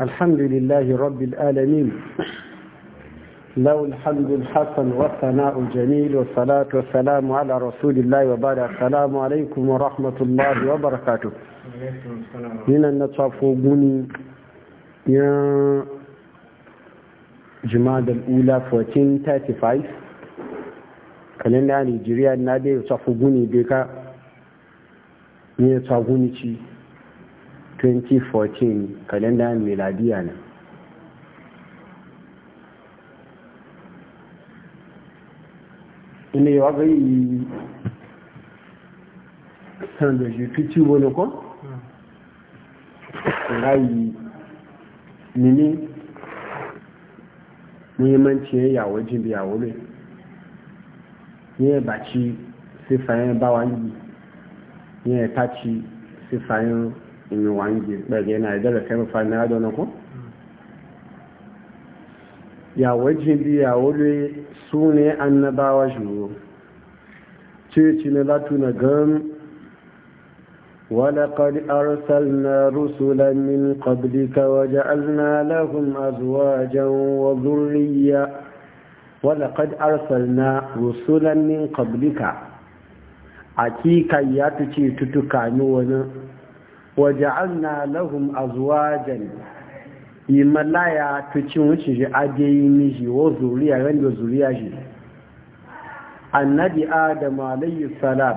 الحمد لله رب العالمين له الحمد الحسن والثناء الجميل والصلاة والسلام على رسول الله وبارك السلام عليكم ورحمة الله وبركاته من النصف بني يا جماد الأولى 1435 kalenda ya Nijiriya na dai ya tafi guni bai ka ne ya tafi guni ci 2014 kalenda miladiya ne ina yawa bai yi sanda shi tuci wani kwan? rayi nini muhimmanci ya yawo jin biya wuri yin baci sifayen bawa yi yin taci sifayen inu yi wangi ɓage yana da kai mafani na dona ko ya wajen ya wuri su ne annabawa shuru ce ci na latu na gan ولقد أرسلنا رسلا من قبلك وجعلنا لهم أزواجا وذرية ولقد أرسلنا رسلا من قبلك أتيك ياتي wani. waja'alna lahum azwajan imalaya cin wuce shi adeyi miji wa zuriya ran da zuriya shi annabi adam alayhi salam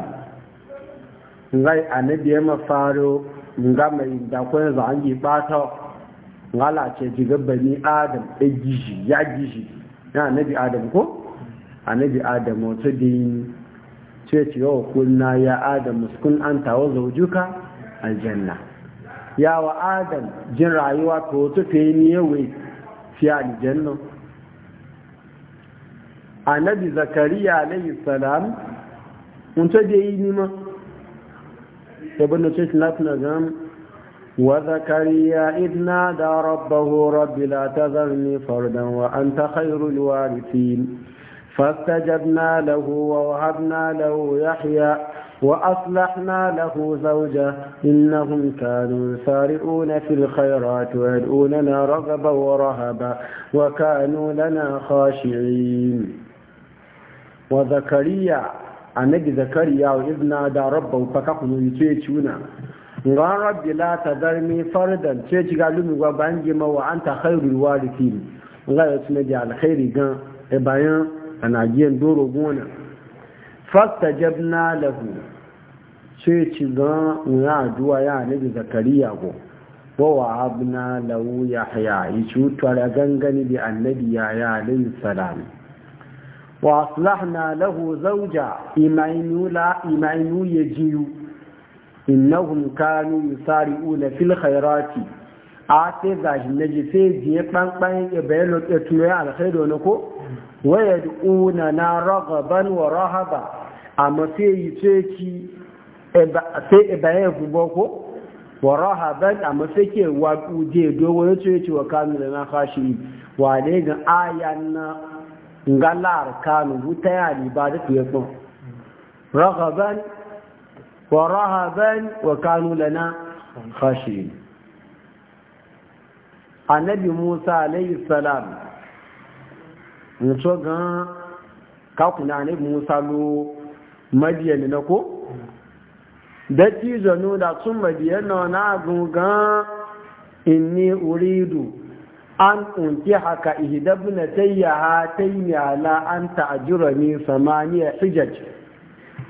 ngai annabi ya mafaro nga mai da kun za an yi bata ngala ce jiga bani adam e gishi ya gishi na annabi adam ko annabi adam wato da yi ce ce yau kunna ya adam muskun an tawo zaujuka aljanna ya wa adam jin rayuwa to tufe ni yawe fi aljanna annabi zakariya alayhi salam mun ta je yi nima ibn shaykh latna gam wa zakariya idna da rabbahu rabbi la tazarni fardan wa anta khairul warithin فاستجبنا له ووهبنا له يحيى وأصلحنا له زوجة إنهم كانوا سارئون في الخيرات ويدعوننا رغبا ورهبا وكانوا لنا خاشعين وذكريا أنك ذكريا وإذ نادى ربه فكحن يتيتونا قال ربي لا تذرني فردا تيتي قال لهم وبانجما وأنت خير الوارثين الله يسمي على خير جان إبايان إيه أنا جين دور فاستجبنا له sai ci ga addu'a ya nabi zakariya go wa wahabna lahu yahya yicu tare gangani bi annabi ya ya lin salam wa aslahna lahu zauja imaynu la imaynu yajiyu innahum kanu yusari'una fil khairati a sai gashi na ji sai biye ɓanɓan ya bayan lokacin tuyo alkhairu ko waya una na ragaban wa rahaba a mafi yi ki sai ibayen gubo ko wa rahaban a mafake wa kuje dogon ya ce wa kanu da na fashi wa ne ga ayan na ngalar kanu wuta ya ni riba da fiye kun rahaban wa rahaban wa kanu da na fashi annabi musa alayhi salam mutu gan kakuna annabi musa lo madiyani na ko dati zanu nuna sun mabiya na wani gungan inni uridu an unki haka na tayya yi, la an ne samaniya hijaj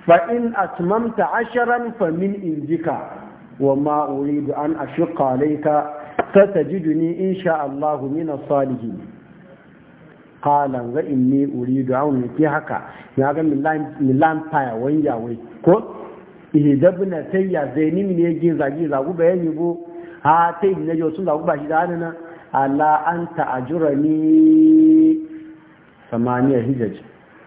fa in atmamta asharan fa min indika wa ma uridu an ta alayka ni insha Allah min as-salihin qala wa inni uridu an unki haka ya ga min lan wai ko ya zai nimi ne yake zagi zagu bayani bu ha tayi ne yo sun zagu ba shi da hanana ala jura ni samaniya hijaj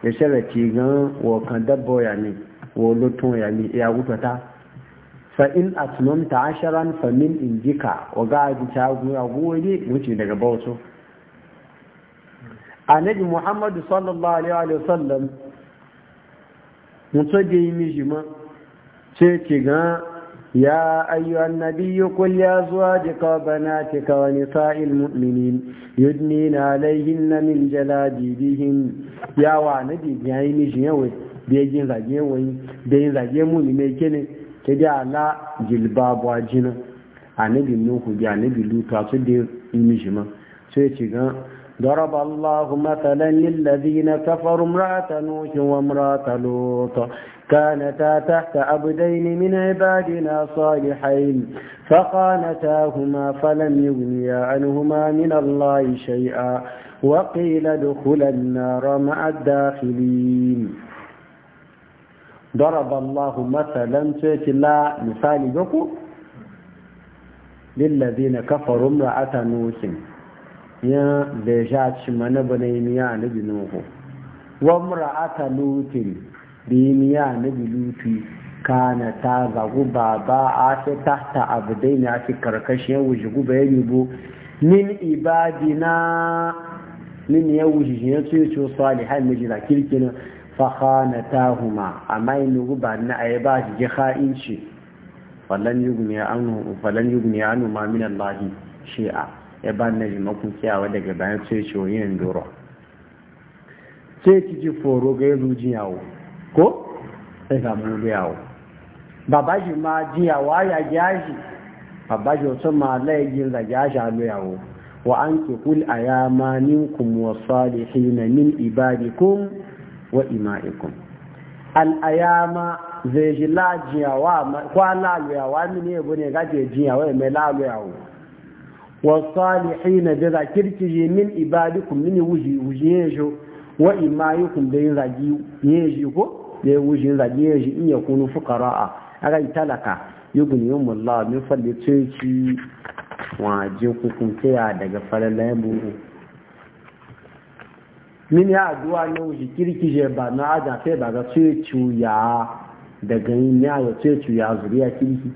ya sharati gan wakan kan dabbo ya ni wa lutun ya ne ya gutata fa in atmamta asharan fa min ka, wa ga ji ta guya goye wuce daga A annabi muhammadu sallallahu alaihi wa sallam mutoje yi mijima ce ki ga ya ayyuan nabiyyu kul ya zuwa jika banatika wa nisa'il mu'minin yudnina alayhinna min jaladibihim ya wa na bibi ya yi mishi yawai da yin zage wani yin zage muni mai kene ta da ala jilbabu ajina a nabi nuhu da nabi luta su da yin mishi ma sai ga ضرب الله مثلا للذين كفروا امرأة نوح وامرأة لوط كانتا تحت عبدين من عبادنا صالحين فخانتاهما فلم يغنيا عنهما من الله شيئا وقيل ادخلا النار مع الداخلين ضرب الله مثلا لا مثال يقول للذين كفروا امرأة نوح يا بيجات شمنا بنيميا نبي نوح وامرأة لوط bimiya na bilutu kana ta zagu ba ba a ta tahta ne na fi karkashin wuce guba ya ribo min ibadina min ya wuce shi ya ce ce salihan na jira kirkinin fahana ta huma amma yin guba na a ba shi ji shi falon yugun ya anu ma min allahi shi'a ya ba na jimakun kiyawa daga bayan tsohon ce yin doro sai ki ji foro ga yi rujiyawo ko sai ga mu da yawo baba ma jiya wa ya jaji baba ji wasu ma laigin da jaji a yawo wa an ki kul ayama minkum wa salihina min ibadikum wa ima'ikum al ayama zai ji lajiyawa kwa laluyawa mini yabo ne gaje jiyawa mai laluyawa والصالحين ذا كركي من عبادكم من وجي وجي يجو وإما يكم بين رجي يجيكو ya wujin zage ya ji iya kunu a aga yi talaka yugun yin mulla min falle ceci waje kukuntaya daga falalai buru min ya aduwa na wuji kirkije ba na aja sai ba ga ceci ya daga yin ya ga ceci ya zuriya kirki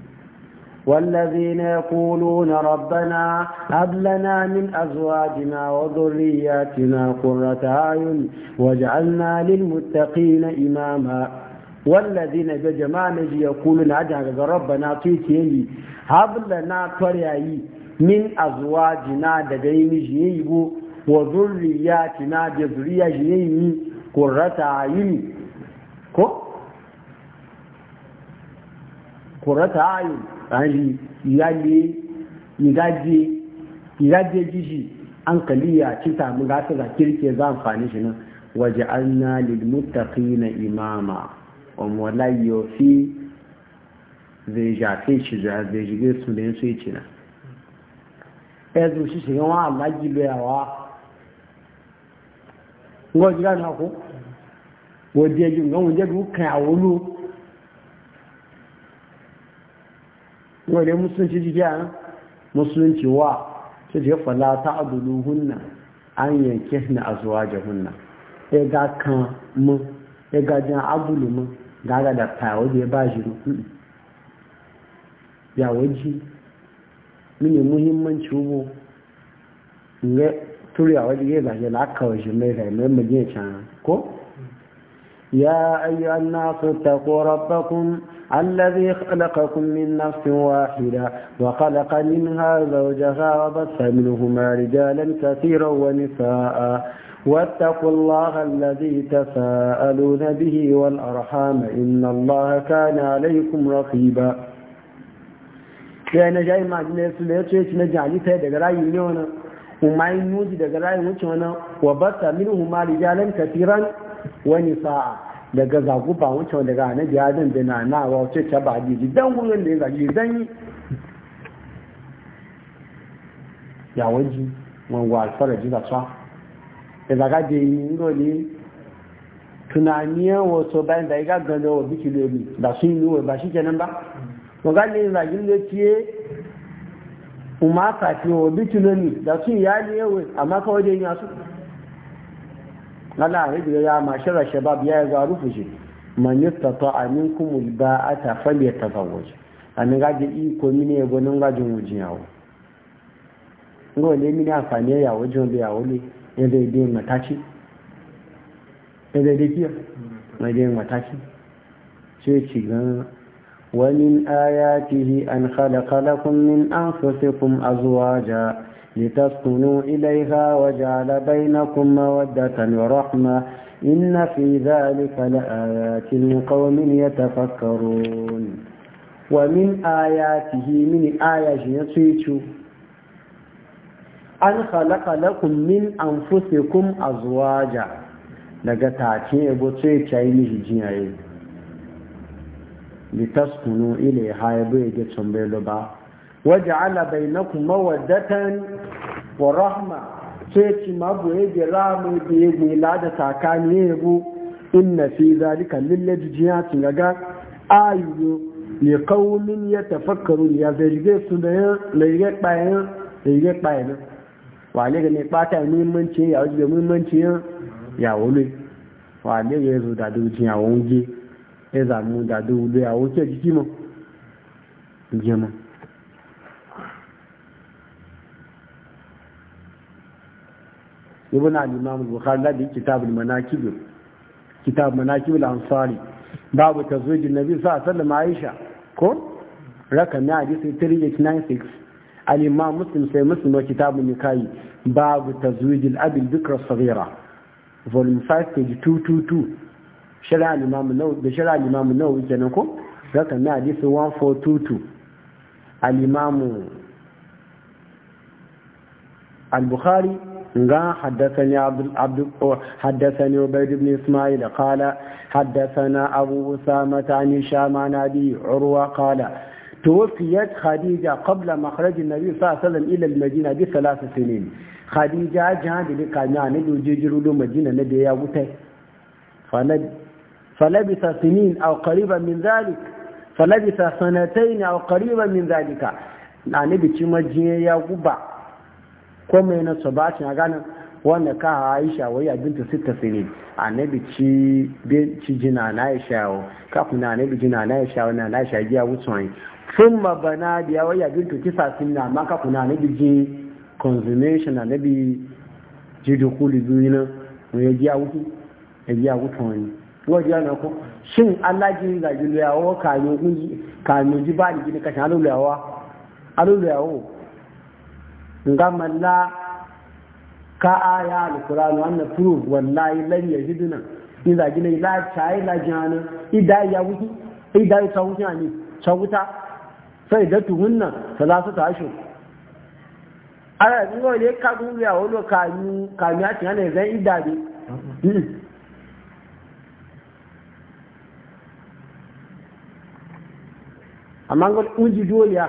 والذين يقولون ربنا هب لنا من أزواجنا وذرياتنا قرة أعين واجعلنا للمتقين إماما والذين بجماعة يقولون عجل ربنا تيتي هب لنا تريعي min azwajina daga yi miji yayi bu wa zurriyatina da zuriya shi yayi qurrata ayun ko kurata kòrọ́tà ààyè àárí ìrájẹ́ jiji an kaliya cita mu gasa ga kirke za amfani shi nan waje an na lilmuttaki na imama omolayo fi zai jafe shi zai jige su da su yi cina ẹzù ṣíṣe wọn aláàjì lọ àwá ngọ́ jíra náà kó wọ́n jẹ́ jù ngọ́ wọ́n jẹ́ jù kàn àwọn olóò wale musulunci jiya musulunci wa su je fala ta abulu hunna an yanke na a zuwa hunna ya e ga kan mu ya e ga jan abulu mu ga ga da fawo da ya ba shi ruku ya waji mini muhimmanci hubo turu turiya waje ya zaje la kawai shi mai rai mai mu can ko ya ayyuhan nasu taqu rabbakum الذي خلقكم من نفس واحدة وخلق منها زوجها وبث منهما رجالا كثيرا ونساء واتقوا الله الذي تساءلون به والأرحام إن الله كان عليكم رقيبا kí ẹnẹ́jẹ́ ìmájìlẹ̀ ẹ̀tù ẹ̀tù mẹ́jì àyíká ẹ̀dẹ̀gára yìí ní ọ̀nà ọmọ inú jìdẹ̀gára ìwúnchọ́nà wọ̀bọ̀ tàbí ìhùn márìjá lẹ́nkẹ̀ tí rán wọ́n ni ona omo inu jidegara iwunchona wobo tabi ihun daga zagu ba wuce daga na adam da na na wa ce ta ba ji dan wurin da ya gaji zan ya waji wọn wa alfara ji da da zaka da yi ne tunaniya wato bayan da ya ga ganda wa biki lori da sun yi ba shi kenan ba wọn ga ne zagin da ciye umar kafi wa biki lori da sun yi ya ne yawon amma kawai da yi yasu ana hijira ya mashara shabab ya ga rufu shi man yastata aminkum alba'ata falyatazawwaj an ga ji iko mini ya gonin gajin wuji yawo ngo le mini afani ya wajin da yawo ne ya zai dai mataci ya zai dai kiyo mai mm-hmm. dai mataci ce ci gan ومن ayatihi an khalaqa lakum min anfusikum azwaja لتسكنوا إليها وجعل بينكم مودة ورحمة إن في ذلك لآيات لقوم يتفكرون ومن آياته من آيات يسيتو an khalaqa lakum min anfusikum azwaja daga take yabo sai kai miji jiyaye litaskunu ilayha yabo yake tambaye ba waj'ala bainakum mawaddatan wa rahma sai ci mabu ya gira mu da ya gila da tsakani ya yabo inna fi zalika lillahi jiya tunaga ayu ne qaumin yatafakkaru ya zarge su da ya lege bayan lege bayan wa ne ga ne bata muhimmanci ya wuce muhimmanci ya wule wa ne ga yazo da dukkan ya wunge ya zamu da dukkan ya wuce jiki mu jima ibn al-imam al-bukhari da kitab al-manakib kitab manakib al-ansari babu tazwij an-nabi sallallahu alaihi wasallam aisha ko 3896 al-imam muslim sai muslim wa babu tazwij al 5 page 222 shari'a al-imam nawawi da shari'a al kenan ko rakam 1422 al-imam nga a haddasa abubuwa a haddasa nubanidu bin Isma'il da Kala. Haddasa na abubusa mutane nabi Coroa, Kala. To su yadda Hadiza a kwabla makarantar Nabisa a salan illar majina biyu sanin, Hadiza ajiye hana da ni kayan yana a na biyu ya gutai. sanin a a min zalika. Salabisa sanatai ne a min zalika. A niɗi cimma jiya ya guba. ko mai na sabacin a ganin wanda ka aisha wai a binta sita sire annabi ci ci jina na aisha wa kafin na annabi jina na aisha wa na aisha giya wucin wani sun bana biya wai a binta kisa sin na ma kafin na annabi ji consummation annabi ji dukuli biyu na wai giya wucin giya wucin wani wajen na ko shin Allah ji zagi luyawa kanu ji ba ni gini kashin alulawa alulawa ngama malla ka aya alquran wannan proof wallahi lan yajiduna in da gina la chai la jana ida ya wuki ida ya wuki ani wuta sai da tuhunna salasu ta ashu ara ngo le ka gun ya wolo ka ni ka ni ati ana zai ida bi amma ngo uji dole ya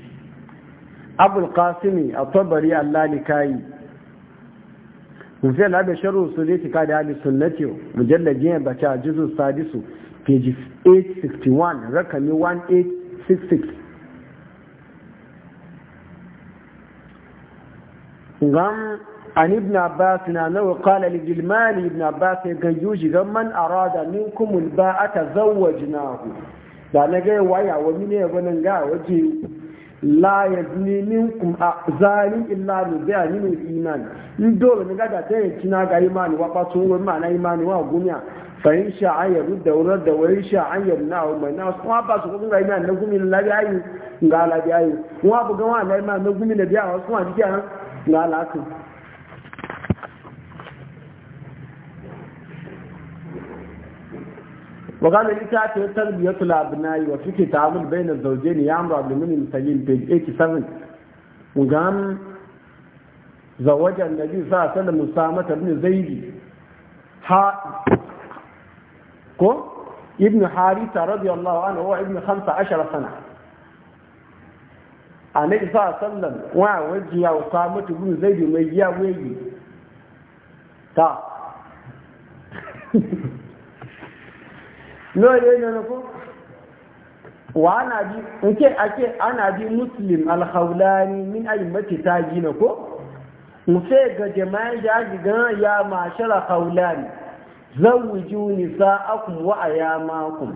abul qasimi a tabari al-lalikayi mufiyar labar sharu su zai cika da hali sunnati mujallar jiyar bace a jizu sadisu page 861 rakami 1866 gan an ibn abbas na nawa kala ligilmani ibn abbas ya gan yuji gan man arada min kumul ba aka ta ku da na waya wani ne ya gwanin ga waje la yazni minkum zalim illa bi bayanin iman in dole ne gada ta yanki na ga imani wa ba tsoron na imani wa gumiya fa in sha an yaru da wurar na wa mai na su kuma ba su kuma ga imani na gumi ga na na gumi na wasu ga وقال لي تربية الأبناء وفي تعامل بين الزوجين يعمر عبد المؤمن المسلم بيج 87 وقام زوج النبي صلى الله عليه وسلم أسامة بن زيد ها كو ابن حارثة رضي الله عنه هو ابن 15 سنة النبي صلى الله عليه وسلم وجه أسامة بن زيد ميجا ويجي تا lóòrè nínú fún wa ana bi nke ake ana bi muslim alhaulani min ayyumbati ta ji na ko mufe ga jama'in jaji gan ya mashara haulani zawuju nisa akum wa ayamakum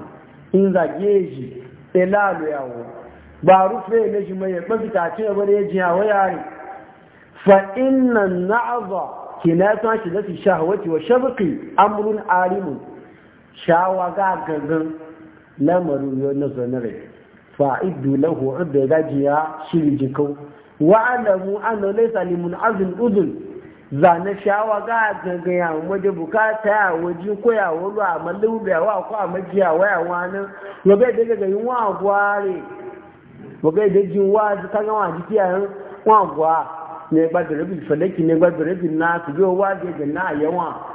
in zage ji ilalu yawo ba rufe na shi mai yaɓa fita ce ba da ya ji yawo yare fa inna na'aza kina san shi lafi shahawati wa shabqi amrun alimun shawa ga gangan lamarin yau na zonare fa'idu lahu udda gajiya shiri jikau wa’adamu an anna laysa limun azin udun zane shawa ga gangan ya waje bukata ya waje koya ya a mallu biya ko a majiya waya wani wa bai daga yin wa gware wa da jin wa ji kan wa ji kiyayen wa gwa ne ba da rabin ne ba na rabin nasu wa na yawa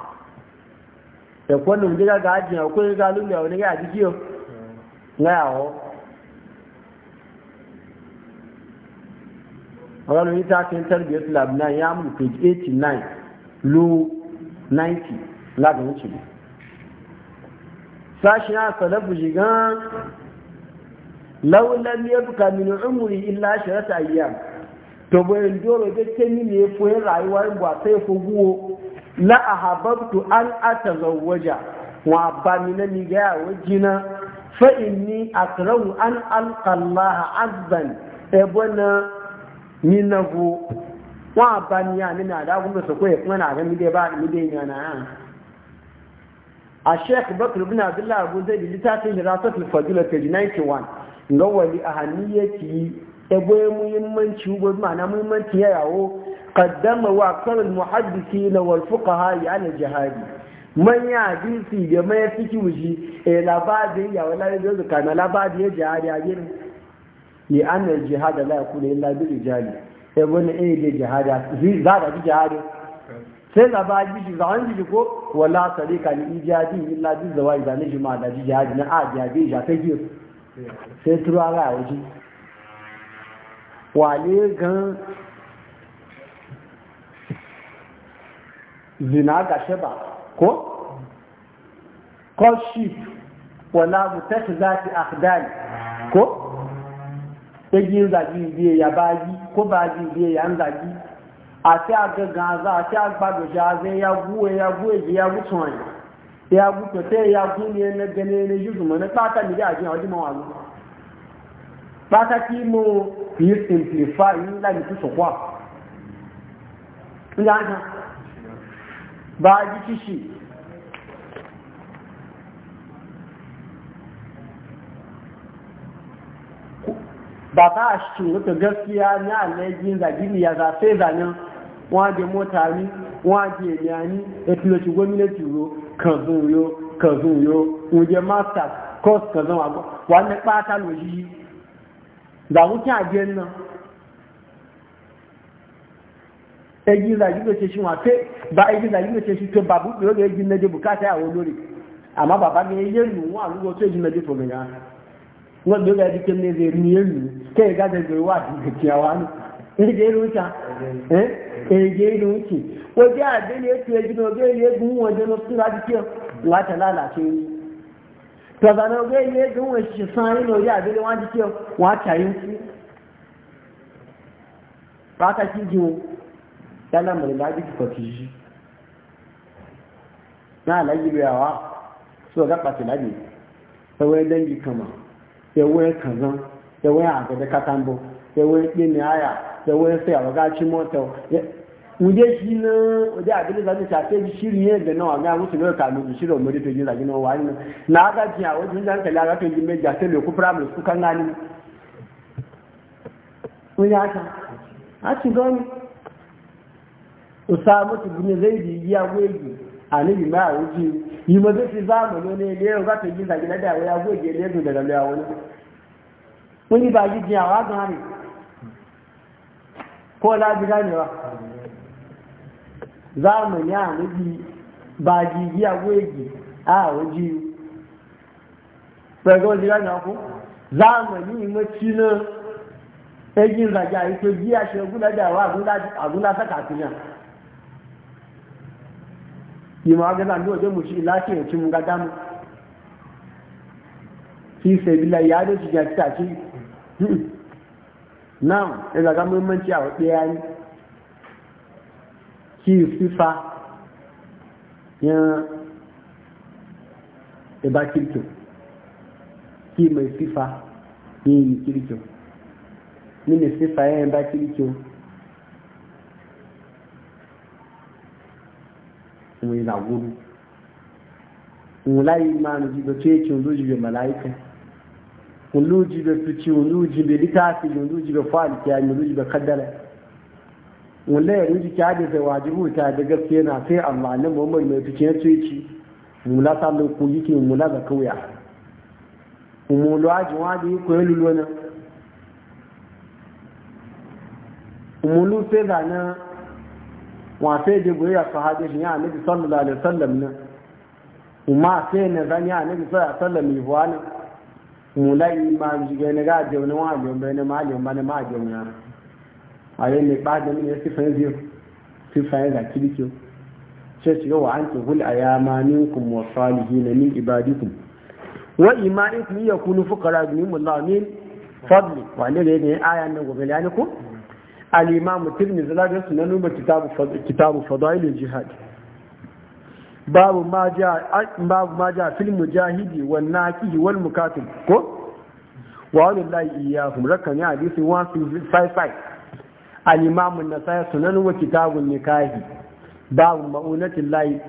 ẹ̀kọ́ ní òjẹ́ gága jìyàn kó rí gálúmì àwọn onígbà àjíjí o láàwọ́ ọ̀rọ̀ lórí tàkí ń tẹ́lẹ̀ bíọ́tí lab 9 yá mú page 89 ló 90 lágbàmú ṣùgbọ́ sáṣì náà sọ̀lẹ́ bùjì gan láwùlẹ́ ní ẹ̀bùkà mìíràn ọmọrì ilá ṣẹ̀rẹ́ta yìí à tọ̀bọ̀ ẹ̀ndọ́rọ̀ bẹ́ẹ̀ tẹ́mí ní epo ẹ̀ ràyíwá ìgbà tẹ́ ìfogúwo la ahabbtu an atazawwaja wa ba mi na mi ga wajina fa inni akrahu an alqa Allah azban ebona ni nago wa ba ni ya ni na da gumi so ko e kuma na ga mi ba mi dai yana a Sheikh Bakr ibn Abdullah Abu Zaid littafin Dirasatul Fadila page 91 ga wali ahanniyati ebo muhimmanci ubo ma'ana muhimmanci ya yawo قدم واكثر المحدثين والفقهاء على الجهاد من يحدثي بما يفكي وجي لا بعد يا ولا يجوز كان لا بعد يا جهاد يا غير لأن الجهاد لا يكون إلا بالرجال يقول إيه الجهاد هذا الجهاد sai gaba gishi za an gishi ko wala sarika ni ijadi illa bi zawai zane jima da ji jihadi na a jihadi ya ta giyo sai turawa ya waje wale gan zina ga shaba ko courtship wala mutakhizati akhdan ko yaji zagi biye ya baji ko baji biye ya zagi a ti aga ganza a ti agba doja zai ya guwe ya guwe ji ya gutu wani ya gutu te ya gune na gane na yuzu mana pata mi da ajin a wajen mawalu ki mo yi simplify yi la mi tu sokwa. ba a ji kishi ba ka a shi wata gaskiya na alayyajin zagini ya zafe zanen wade motari wade yanyani ya fi tiloci gwamnati ro kan zun yo kan zun yo wuje masters course kan zama wa wannan ɓata lojiji zamukin ajiyar nan ẹgbẹ́ ìlàjú ló ṣe ṣe wọn pé bá ẹgbẹ́ ìlàjú ló ṣe ṣe pé bàbú pé ó lè jí mẹ́jẹ bùkátà àwọn olórí àmọ́ bàbá mi ilé ìlú wọn àlúgbò tó jí mẹ́jẹ fòmì náà wọ́n gbé rẹ̀ bí kéde rẹ̀ ní èlú kí ẹ̀gá gẹ̀gẹ̀ wà dìbìtì àwọn àná ẹ̀jẹ̀ ìlú ta ẹ̀jẹ̀ ìlú ń tì ó jẹ́ àdéhùn ètò ẹ̀jẹ̀ ọgbẹ́ ilé egun wọn jẹ́ lọ́sí láti kí wọ́n tẹ̀lé pàtàkì jù wọn. yana murna biki kwafi shi na alayi biyawa so ga ɓace labi yawon dangi kama yawon kazan yawon agada katambo yawon ɗini ya yawon sai a wagacin mota wuje shi na wuje shafe shirin yin da nawa ga musu kanu shirin to gina gina wani na na aga wajen jan kala ga kan jimai jate da ku su kan gani wani a gani usama ibn zaidi ya wegi anabi ma wuji yi ma zai fi zamani ne ne yau za ta yi zagi da ya goge ne su daga lewa wani wani ba yi jiya wa gani ko la ji ganewa zamani anabi ba ji ya wegi a wuji pẹ̀lú ji ganewa ko zamani ma ci na egin zagi a yi to ji a shi agula da wa agula saka tunan ìmọ̀ agbẹ́gbà ní òjò mú sí láti ẹ̀tí mú gádámù tí ìfẹ́ ìbílẹ̀ ìyá ló ti jẹ́ títà sí náà ẹgbàgbà mú mọ́ tí ya pé ki ní kí fífa yan ẹ̀bá kìrìtò kí ìmọ̀ ìfífa wai na gudu wulai ma na jibe ce ce wulu jibe malaika wulu jibe tuci wulu jibe litafi wulu jibe faliki ya wulu jibe kaddara wulai ya ruji ki hajjata wajibu ta da gaskiya na sai amma na muhammad mai tuci ya ce ci mula ta mai kogi ke mula ga kauya umulu aji wadi ko ya Wani umulu sai na wafe da goyi a sahabi ya nabi sallallahu alaihi wasallam nan kuma sai na zan ya nabi sallallahu alaihi wasallam yi buwa nan mulai ma jige ne ga jauni wa jauni bai ne ma jauni ba ne ma jauni ya a yi ne ba da mini sifa ya ziyo sifa ya ga kirkiyo sai shiga wa an tuhul a yama wa salihina min ibadikum wa imanikum yakunu fuqara min fadli wa ne ne ayan nan gobe ne ko al'imamu tirmizi lagar su na numa kitabu fadailin jihad babu ma ja fil mujahidi wal naqi wal mukatil ko wa wallahi iyyahum rakani hadisi 155 al-imam an-nasai sunan wa kitabun nikahi babu ma'unati llahi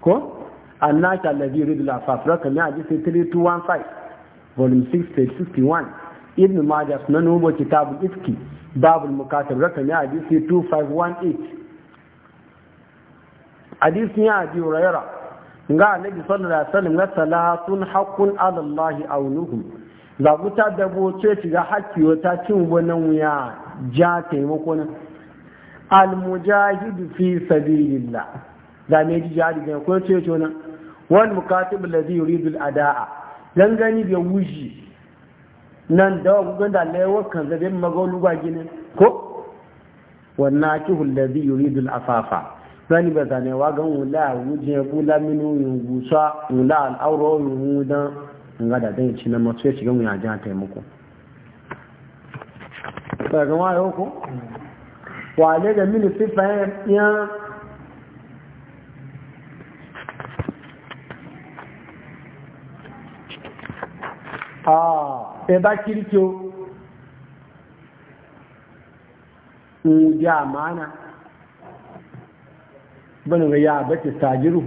ko annaka alladhi yuridu al-afaf hadisi 3215 volume 6 page ibn majas na nomo kitabu iski babul mukatab ne hadisi 2518 hadisi ya ji rayara nga nabi sallallahu alaihi wasallam ga salatun haqqun ala allahi aunuhum za ku ta dabo ce ci ga hakki wata cin wannan wuya ja taimako nan al mujahid fi sabilillah da me ji jari ga ko ce ce nan wal mukatib alladhi yuridu al adaa dan gani da wuji nan da wa gugan da Allah ya wakan zabe magaluwa gini ko wannan ki hullazi yuridul afafa zani ba zane wa gan wula wuje bula minu yin gusa wula al'auro yin hudan nga da dan ci na masu ya shiga mu ya jan taimako ba ga wa yau ko mm. wale da mini sifa ya Ah, ẹ̀bá kíríkí o ń jẹ́ àmàna bọ́nà ya àbẹ́tẹ̀ sàájírù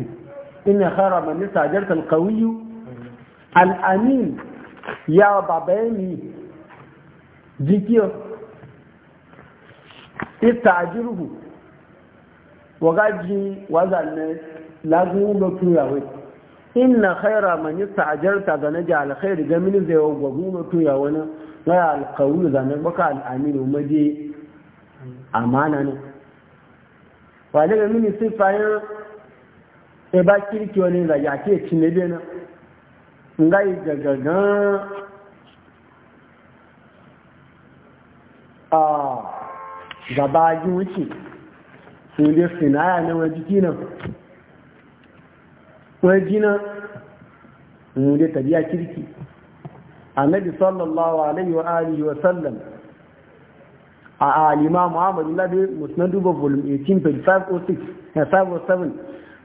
ina hara mani sàájírtar al'amin ya bàbá ẹni jíkíọ wa wọ́gájí wázà náà lágún lọ́tún inna khaira man yasta'jarta ga naja alkhair ga min zai wa gunu to ya wani ga alqawi da nan baka al'amin umaje amana ne wa daga min fayin e ba kirki wani da ya ke ne na ngai ga a gabajin wuce su ne sinaya na wajen Wani jina mu da tabiya kirki annabi sallallahu alaihi wa alihi wa sallam a alima Muhammadu ladi musnad duba volume 18 page 506 na 507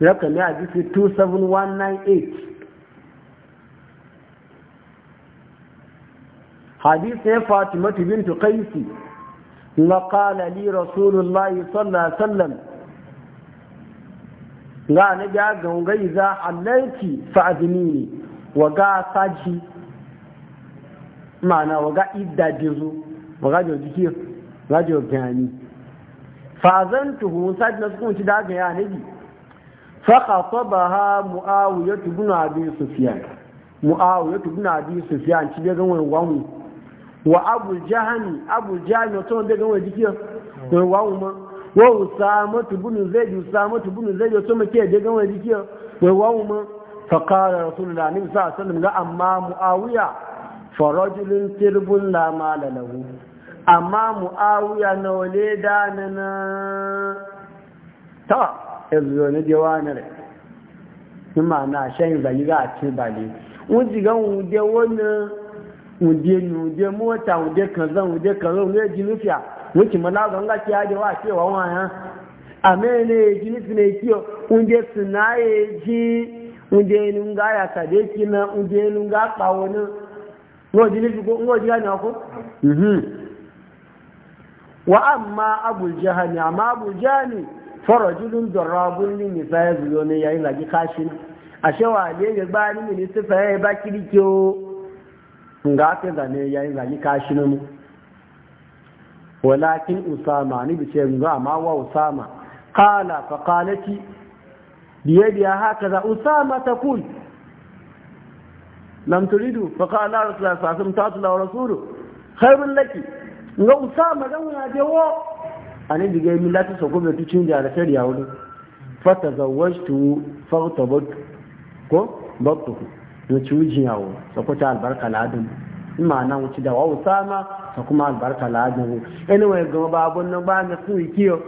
raka ne a jisi 27198 hadith ya fatima bintu qaisi لقال لي li rasulullahi sallallahu alaihi عليه ga na ga ga iza halarci fa'azini ne wa ga saji ma'ana wa ga idda jizo wa ga jiki wa gani fa'azantu hu saji na sukunci da ga ya nabi فخطبها معاوية بن أبي سفيان معاوية بن أبي سفيان تبي جون وانو وأبو جهل أبو جهل يتون بيجون وجيكيا وانو wa usamatu bin zaid usamatu bin zaid to muke da gama jiki wai wawu ma fa qala rasulullah nabi sallallahu alaihi ga amma muawiya fa rajulun tirbun la mala lahu amma muawiya na wale da nana ta ezo ne jawana re kuma na shan zagi ga ci bale wuji ga wuje wannan wuje ni wuje mota wuje kaza wuje kaza wuje jinufiya wuce mana ganga ki ya wa cewa waya eji mene ji nufi ne unje sinaye ji unje nunga ya kade ki na unje nunga kawo ngoji nufi ko ngoji ya nyako mhm. wa amma abu jahani amma abu jahani farajulun darabun ni nisa ya lagi a shawa ne ya ba ni minista ya ba nga ta zane yayin lagi kashi walakin usama ni bice ga ma wa usama qala fa qalati biyadi hakaza usama taqul lam turidu fa qala rasulullah sallallahu alaihi wasallam wa laki usama dan ya je wo ani diga mi lati so ko betu cin da alkhairi ya wudu fa tazawwajtu fa ko ne ci so ko albarka ladun. ma'ana wuce da wawu sama ta kuma albarka la'adun anyway gama ba abun nan ba na sun kiyo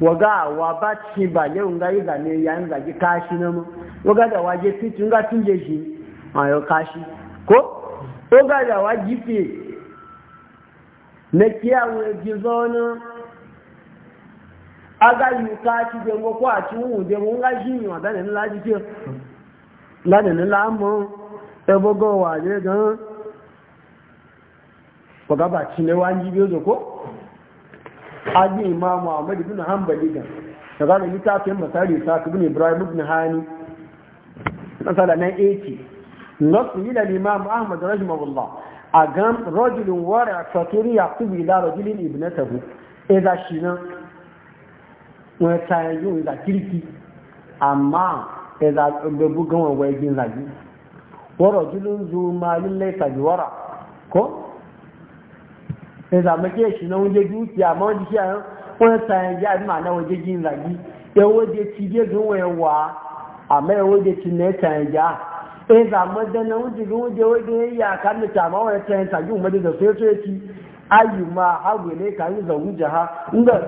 waga wa ba ci ba yau nga yi zane yayin zagi kashi na mu waga da waje fiti nga tunje shi ma yau kashi ko waga da waje fi na kiyawo gizo na aga yi kashi da ngo kwa ci mu de mu nga shi ni wada ne laji ke laji ne lamu ebogo wa je gan waga ba ci ne wani biyo zo ko aji imamu ahmad ibn hanbali ga da zana littafin masari sa ibn ibrahim ibn hani masala na 80 nasu yi da imamu ahmad rahimahullah a gam rajulun wara faturi ya kubi ila rajulin e shi na. Wani wa tayu ila kirki amma idza e bugun wani wajin zagi wa rajulun zu malin laysa wara ko sai zama ke shi na waje dukiya ma waje shi a wani sayan ya ma na waje jin zagi ya waje ci je zo wayewa amma ya waje ci ne sayan ya sai zama da na waje zo ya kan da ta wani sayan ma ka yi zagu jaha in ga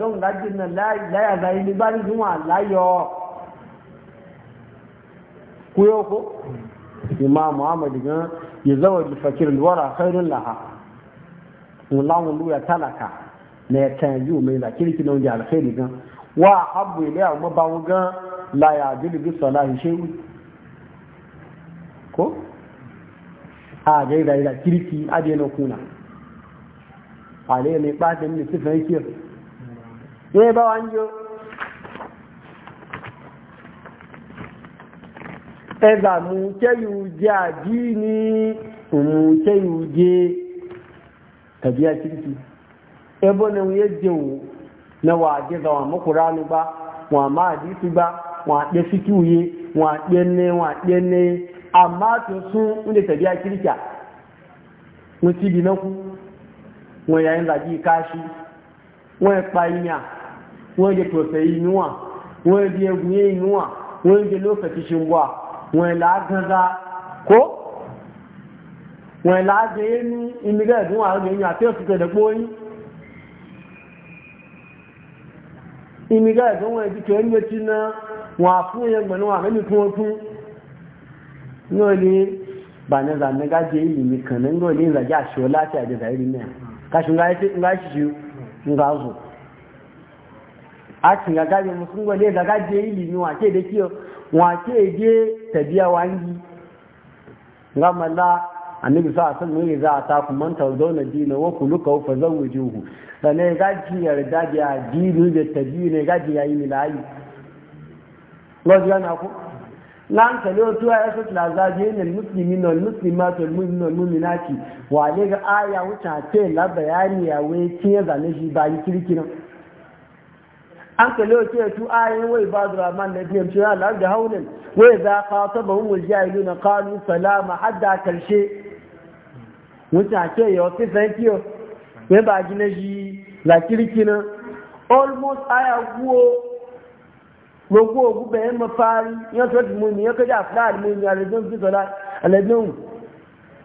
zan wulawun luya talaka na ya canji mai da kirki na gan wa habu ilai a gan la ya jiru bi salahi shehu ko a gai da ila kirki a je na kuna a dai mai ɓata mini sifin yake ẹgbà mú kẹyù jẹ àjí ní òmù kẹyù jẹ ka biya kirki wuye yajin na wa waje ga wa makuranu ba wa ma hadisi ba wa fiki wuye wa ne wa ne amma to su inda ta biya kirkiya mu ti bi lọ́kú wọ́n yà ń làjí káṣí wọ́n pa iyàn mu yẹ tọ̀sẹ̀ inúwà wọ́n yẹ egun inúwà wọ́n yẹ lọ́fẹ̀ ti shin wà mu la làá ko. wọ̀n láàájẹ́ ní imigẹ́ ìdún àwọn èèyàn àti òsìkò ìdẹ̀pọ̀ yìí imigẹ́ ìdún wọn ìdíkẹ̀ ní ngọ́ ní láti àjẹsà ìrì náà káṣù ńlá ṣíṣe ńlá zù àti ìgbàgájẹ́ mùsùlùmí ní ìgbàgájẹ́ ìlú mi wọ́n wọ́n àti èdè tẹ̀bíyà wá annabi sa san ne za a taku man zauna dina wa kuluka fa zawjuhu da ne gaji yarda da addini da tabi ne gaji yayi milayi lord Na ku ta lo tuwa ya sa lazaje ne muslimin wal muslimat wal mu'minin wal mu'minati wa ne ga aya wuta ce la bayani ya we ce ya zane shi ba kirkirin an lo ce tu ayin wai ba man da biyam ce Allah da haulin wai za ka sabahum wal jahiluna qalu salama hadda karshe wuce ake yi fi thank you ya ba gina shi la kirki na almost aya guo gbogbo ogun bẹ̀rẹ̀ mọ fari yẹn tó ti mú mi yẹn kọjá fúláàdì mú mi alẹ́dún fi sọ̀lá alẹ́dún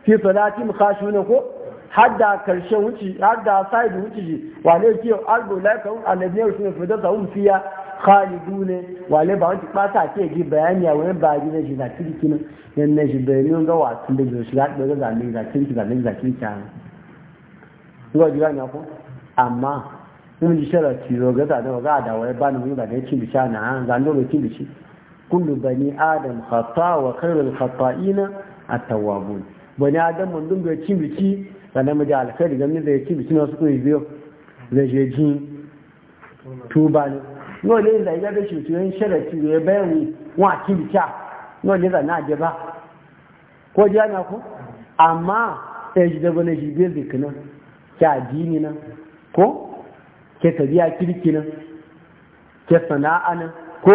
fi ṣu hada karshen wuce hada side wuce shi wa ne ke argo laikawun alẹ́dún yẹn fi sọ̀lá fi ya khalidu ne wale ba wanti ɓata ake ji bayani a wani baji na shi na kirki nan yan na shi bayani ga wasu da ga shi zaɗi ga zane ga kirki zane ga kirki a nan ji ne ko amma in ji shara tiro ga zaɗi ga da wai ba na wani ba da cin bici na an zane dole cin bishi. kullu bani adam khata wa khairul khata'ina at-tawwabun bani adam mun dunga ci cin bici sannan mu alkhairi ga mun da cin bishi na su ko biyo zai je jin tuba ne náà lè zà ìjábẹ́ ṣètò ẹ̀ ń ṣẹlẹ̀ tí rẹ̀ bẹ́ẹ̀ wù wọn àti ìkíà náà lè zà náà jẹba kó jẹ́ àná kú àmà ẹ̀jì dẹ́gbẹ́ náà ṣì gbé zèkì ko ke tabiya kirki nan ke sana'a na, ko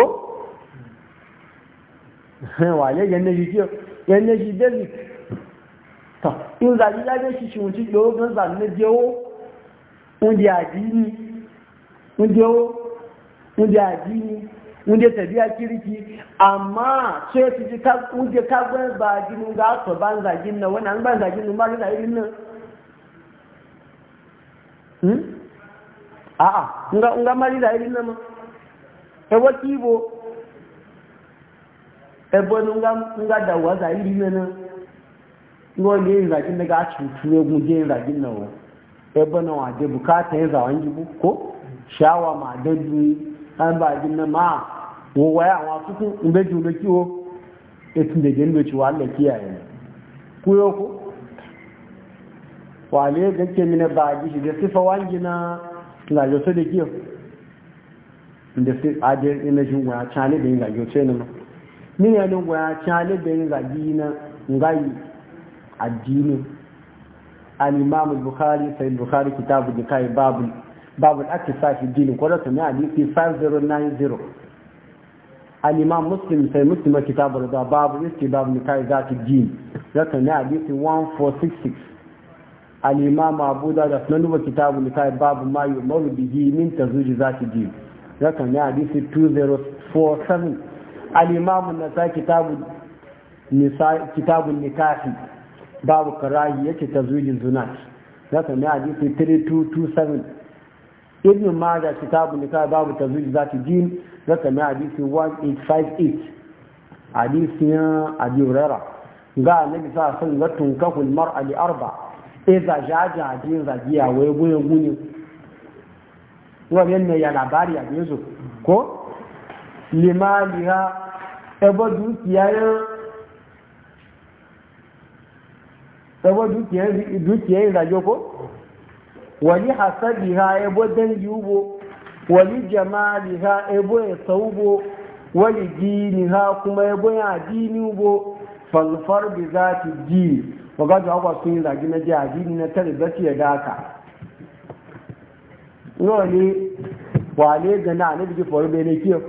wale yanne shi kiyo yanne shi ta ya na jewo wanda ya dini wanda wunde addini wunde tafiya kirki amma sai su ji wunde kagon ba jini ga aka ban zagin nan wani an ban zagin nan ba ga irin nan hmm? a'a nga nga mari da irin nan ma e wati bo e bo nga nga da wa za irin nan ngo le zagin daga cutu ne guje zagin nan wa e bo na wa de bukata ya zawan jibu ko shawa ma da duyi ba jin na ma wo waya wa tuku in be kiwo e tun de gen ci wala kiyaye ku yo ko wale ga ke mina ba ji shi da sifa wangina la yo so kiyo da gwaya bukhari bukhari kitabu da kai babu babu al-aktifa fi din ko da tuna hadisi 5090 al-imam muslim sai muslim da babu iske babu istibab nikai zati din da tuna hadisi 1466 al-imam abu da da sunan wa kitab al kai babu ma yu'maru bihi min ta tazuji zati din da tuna hadisi 2047 al-imam an-nasai kitab kitabun nikahi babu karahi yake ta zuji zunat da tuna hadisi 3227 ibn majah kitabu nikah babu tazwij zati jin zaka na hadisi 1858 hadisi ya abi hurairah ga annabi sa san ga tunkahul mar'a li arba idza jaja ajin zagiya wai goye gune wannan ne ya labari a yanzu ko limaliha ebo dukiya ya ebo dukiya dukiya ya ko Wali hasabi ha ebo dangi ubo wani ha ebo ya saubo wani ha kuma ebo ya dini ubo falfar bi za sun yi na ji na tare da ya daka wale ga na ne bigi foro bai ne kiyo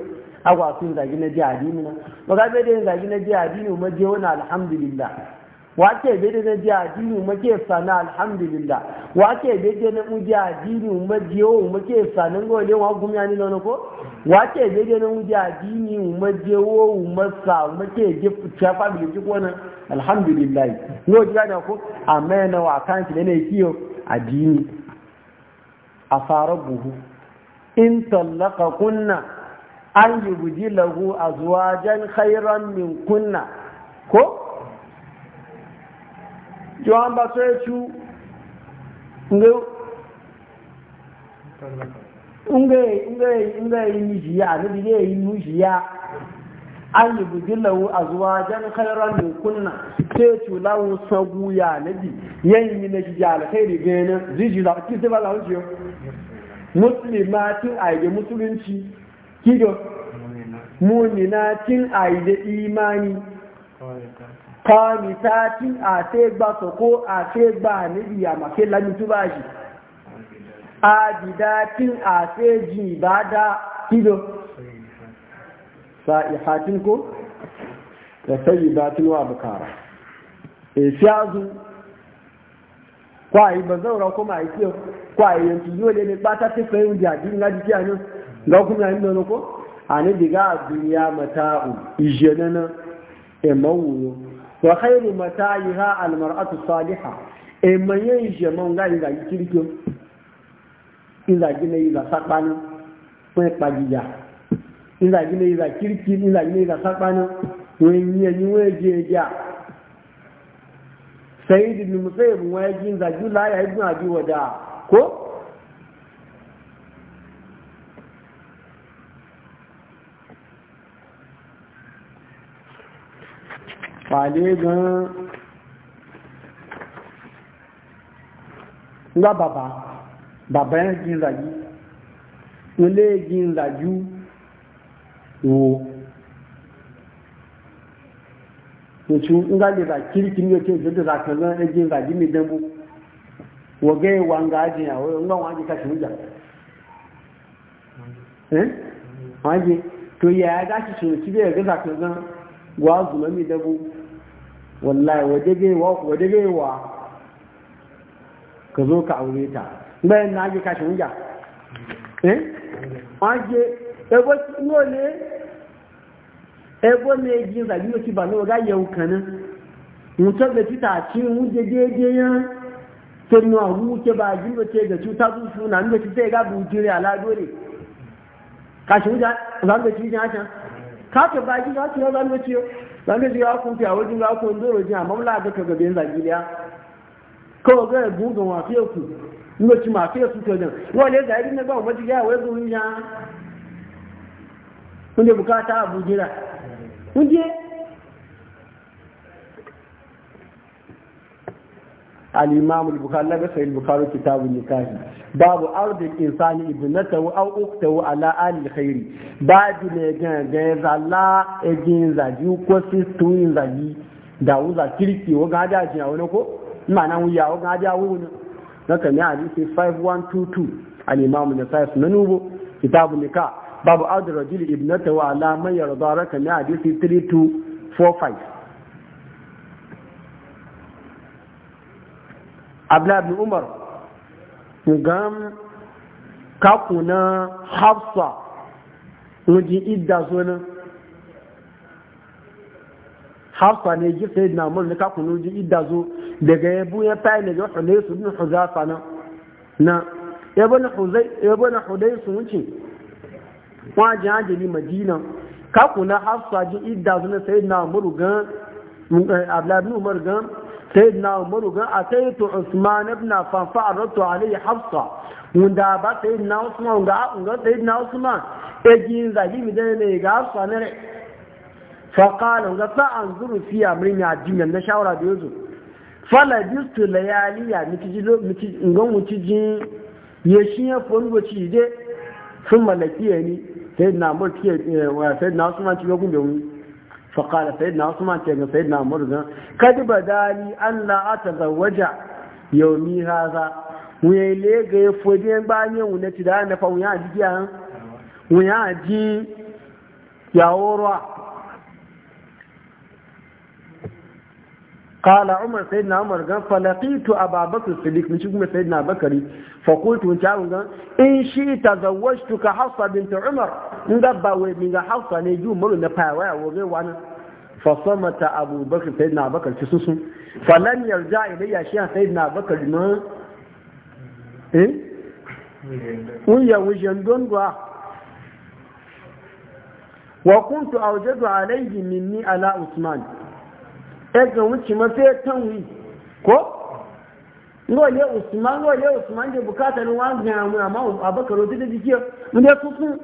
agwa sun na ji adini na na ji adini je alhamdulillah wake bede na ji addini muke sana alhamdulillah wake bede na uji addini umajiyo muke sana ngole wa gumya ni lono ko wake bede na uji addini umajiyo umasa muke ji chafa bi ji kona alhamdulillah yo ji na ko amena wa kan ki ne kiyo addini asarabuhu in talaqa kunna an yubdilahu azwajan khayran min kunna ko tí wọ́n bá tó ẹ̀tú ńgbé inú ìṣìyà níbi ilé inú ìṣìyà an yi bugilawo a zuwa jan khairan min kunna ce ci lawo sagu ya nabi yayin yi na shi ya alkhairi ganin ziji da ki sai ba za su muslimatin aide musulunci kido muminatin aide imani kọ́nìtàtí àtẹ́gbàsọ̀kó àtẹ́gbà níbi àmàfẹ́ lámìtúbájì àdìdàtí àtẹ́jì ìbádá kílò sa'ihatin ko da sayi batin wa bukara e fiyazu kwayi ba zaura kuma ike kwayi yanzu yau da ne bata ta fayin jadi na jiki a nan ga kuma yin nono ko a a duniya mata'u ijenana emawuyo wa khairu mata'iha almar'atu salihah e mayen je mon ga ida kirikyo ida gine ida sakpanu ko pagiya ida gine ida kiriki ida gine ida sakpanu wenye ni weje ja sayyid ibn musayyib wajin za julaya ibn abi wada ko pàdé gan ńlá bàbá bàbá yẹn jí ńlájú ilé jí ńlájú wo òtún ńlá lè kiri kíríkì ní oké ìjọdọ̀ ràkàn náà ẹjí ńlájú mi dẹ́mú wọ̀gẹ́ ìwà ń ga ajìyàn ọ̀rọ̀ wọn ajé kàṣì ń jà wọ́n ajé tó yẹ ajá ṣiṣẹ́ òtún bí ẹ̀gẹ́ ràkàn náà mi wallahi wajegewa ka zo ka aure ta bayan na ake kashe wuya eh ake ebo nole ebo ne ji zabi o ti ba no ga yau kana mutum da tita ci mu je je ya tinu a mu ke ba ji ba ce ga cuta su na da ci sai ga bujire ala dole kashe wuya zan da ci ya ta ka ta ba ji za ta zan da ci zaka ji ya kun a wajen ya kun zo wajen amma mula ga ka gabe zagi kawai ga gungun wafiya ku in ga ci mafiya su ka dan wale ga yi na ba wa jiga wai gurin ya kun je bukata abu jira kun je الإمام البخاري لا في البخاري كتاب النكاح باب عرض الإنسان ابنته أو أخته على آل الخير بعد نجان جاز الله إجين زاجي وكسي توين زاجي داو زا كيركي وغا جا جا ونكو معنى ويا وغا جا ونا لكن يعني في 5122 الإمام النسائي سننوبو كتاب النكاح باب عرض الرجل ابنته على من يرضى ركن حديث 3245 abdullahi bin umar gam kaku na hafsa wajen idda zonan hafsa ne ji sai na mun ka kunu ji idda zo daga yabu ya tayi daga hulaysu bin huzafa na na ibn huzai ibn hudaysu wuce wa ni madina ka kuna hafsa ji idda zo na sai na mun ga abdullahi bin umar ga sayyidina umaru gan ataitu usman ibn affan fa aratu alayhi hafsa wanda ba sayyidina usman ga ga sayyidina usman ejin zagi mi dai ne ga hafsa ne fa qala ga fa anzuru fi amrin ya na shawara da yuzu fala bistu layaliya mitiji mitiji ngan mutiji sun ni فقال سيدنا عثمان كان سيدنا عمر قد بدا لي ان لا اتزوج يومي هذا ويلي غي فودين باني ونتي دان نفو يا جيا ويا جي يا ورا قال عمر سيدنا عمر قال فلقيت ابا بكر الصديق مش كما سيدنا بكري فقلت وانت ان شئت تزوجتك حصه بنت عمر nga ba wai min hausa ne ju mulu na fa waya wo ga wani fa samata abubakar sayyidina abubakar ci susu fa lam yarja ilayya shi sayyidina abubakar ma eh un ya wujen don duwa wa kuntu awjadu alayhi minni ala usman e ga wuce ma sai tanwi ko ngole usman ngole usman je bukatar wani ga mu amma abubakar o da jikiya mun da susu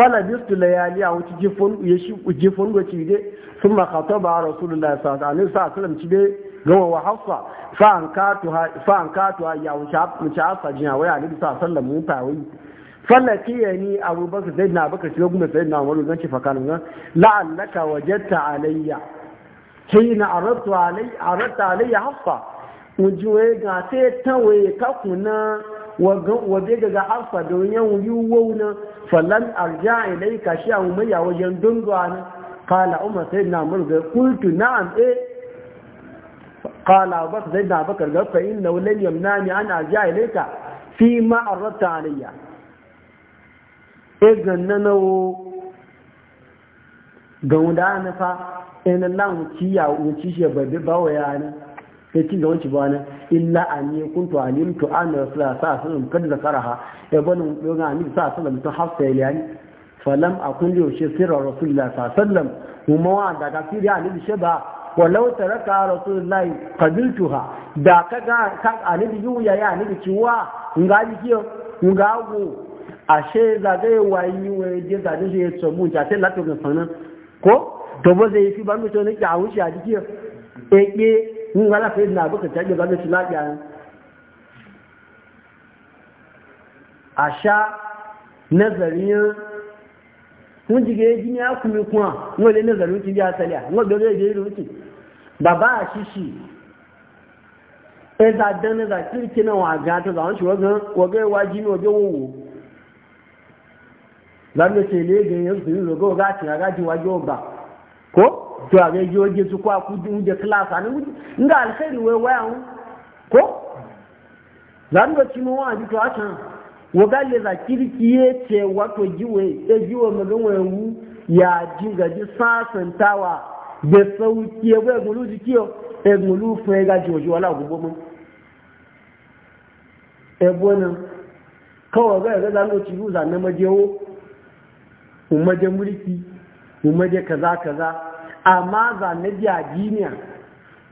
falabistu layali a wuce jifon da ci dai sun makata ba a rasulullah sallallahu sa wasallam ci dai gama wa hafsa fa an katu ha ya wuce hafsa jiya waya ne bisa sallam mun fawai falaki ya ni abubakar zai na bakar shiga gumi sai na wani zan ci fakanin nan la'allaka wajatta alayya na arata alayya hafsa mun ji waye ga sai ta waye kakuna wabe daga arfa da yawon yi wauna fallan arja ilai ka shi a umayya wajen dunduwa ne kala umar sai na murga kultu na'am eh kala ba sai na bakar ga fa inna lan yamnani an arja ilaika fi ma arrata eh, wo ga wanda na fa in lan ya wuci shi bawa yana sai ci gaban ci ba nan illa an yi kuntu alimtu an rasulullah sa sallam kad zakaraha ya bani wani an sa sallam to hafsa liyani falam kun li shi sirra rasulullah sa sallam kuma wa da ka sirri an shi ba walau taraka rasulullah qabiltuha da ka ga kan alibi wuya ya da ciwa ga ji kiyo nga a she zagaye wayi waye je zagaye shi ya tsomu ta sai lato sanan ko to ba zai fi ba mutum ne ki a wuce a dikiyo eke in ana yi na baka ta ga zalunci lafiya a sha nazarin kun jige jini ya kuma kuma wale nazarin ki ya saliya wanda zai je baba a shi, e za dan za kirki na waga ta za shi waga waga waji ne waga wowo zan ce ne ga yanzu yi rogo ga waje ba ko to a ga ko su kwa ku da class anan inda alkhairi wai waya ko zan ga cimo wa ji to a can wogale za kirki ye ce wato jiwe ya e jiwe maganwa yawu ya ji gaji sasantawa da sauki ya bai gulu jikiyo ya e gulu fa ya gaji waje wala gubo mun ebo nan kawai ga ga zan ci yuza na majewo umaje mulki maje kaza kaza amma za na biya jiniya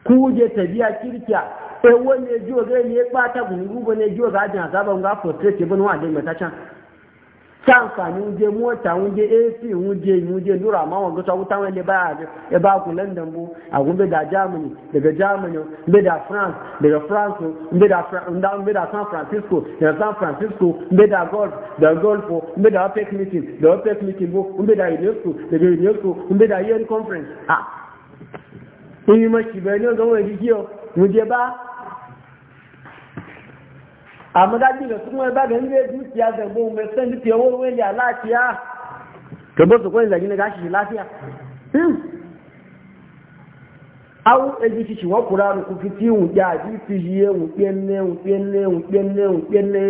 kuje ta biya kirkiya e wani jiwa ga ne ya ɓata gungu ba ne jiwa ga ajiyar zaɓen ga ya bin wa dai mai ta tí amfani wuje mọ́ta wuje ac oúnjẹ ìwúnjẹ lóra àmọ́ àwọn ọ̀gọ́ta wọ́n táwọn ẹlẹ́bá ẹbá kù london bó àwọn gbẹ́dà germany daga germany gbẹ́dà france daga france gbẹ́dà san francisco san francisco gbẹ́dà gulf da gulf gbẹ́dà opec meeting daga opec meeting bó gbẹ́dà unesco daga unesco gbẹ́dà un conference ah amma da ji su sun wani bagan zai dukiya da gomu mai san dukiya wani wani ya lafiya ka bar su kwanye zagi na gashi shi lafiya awu eji shi wa kuranu ku fiti wu ya ji fiji ye wu kenne wu kenne wu kenne wu kenne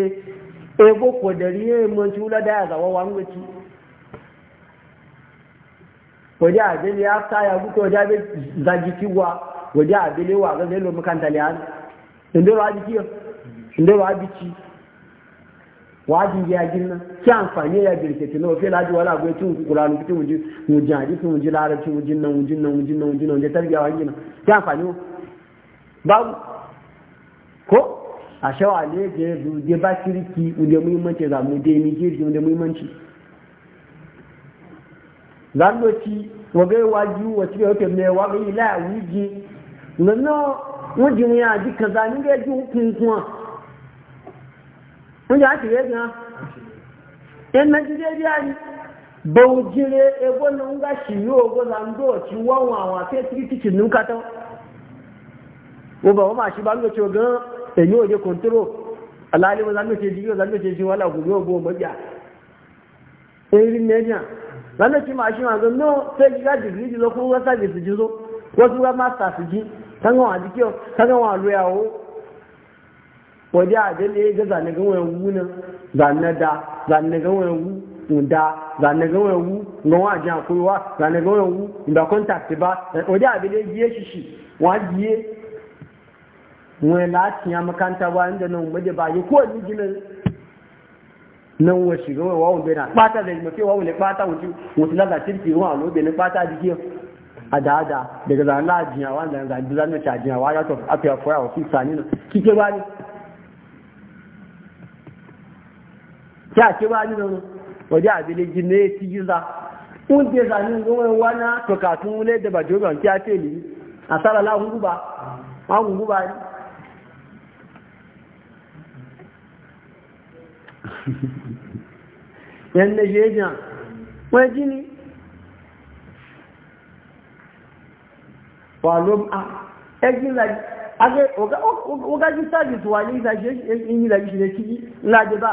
ego ko dari ye mun chula da za wa wango ci ko da ya be zagi ko wa ga makanta le an inda wa biki wajin ya gina ki amfani ya birketi na ofela ji wala goyi tun kuranu kitin wuji wujin haji tun wuji larabci wujin nan wujin nan wujin nan wujin nan wujin tarbiya wa gina ki amfani ba ko a shawa ne ga ya zuge ba kirki wuje muhimmanci za mu dai ni kirki wuje muhimmanci zandoci wagai waji wace yau ke mai wagai la wuji nan no wujin ya ji kaza ni ga ji hukun kuma wọ́n yà á ti rẹ̀ gan yan nàìjíríà ni bòjìrè ewó na ń gá sí yóò ń tí wọ́n àwọn títì ní kátọ́ wọ́n ṣe bá ń lọ́tí èyí wadi a ga zane ga wu nan zane da zane ga wani wu da zane ga wani wu ga wajen akwai wa zane ga wani wu da kontakti ba wadi a dalle giye shi shi wa giye wani latin ya makanta ba inda na wadda ba yi kowane jinan nan wa shiga wa na kpata da mafi wawon ne wuce wasu laga tirki ruwa lobe ne daga zane na ya to afiya kí àkíwá nínú ọjọ́ àbílẹ̀ jìnnà ti yíza ń dé sàní ìgbóhùn wá náà tọ̀kà tún lé dẹ̀bàjọ́ gan kí á tèlé àsára láhùn gúbà áhùn gúbà ní yan na ṣe jan wọ́n jí ní pàlọ́m ẹgbìn láti ọgájú sáàjì tó wà ní ìlàjí ṣe kí lájẹ bá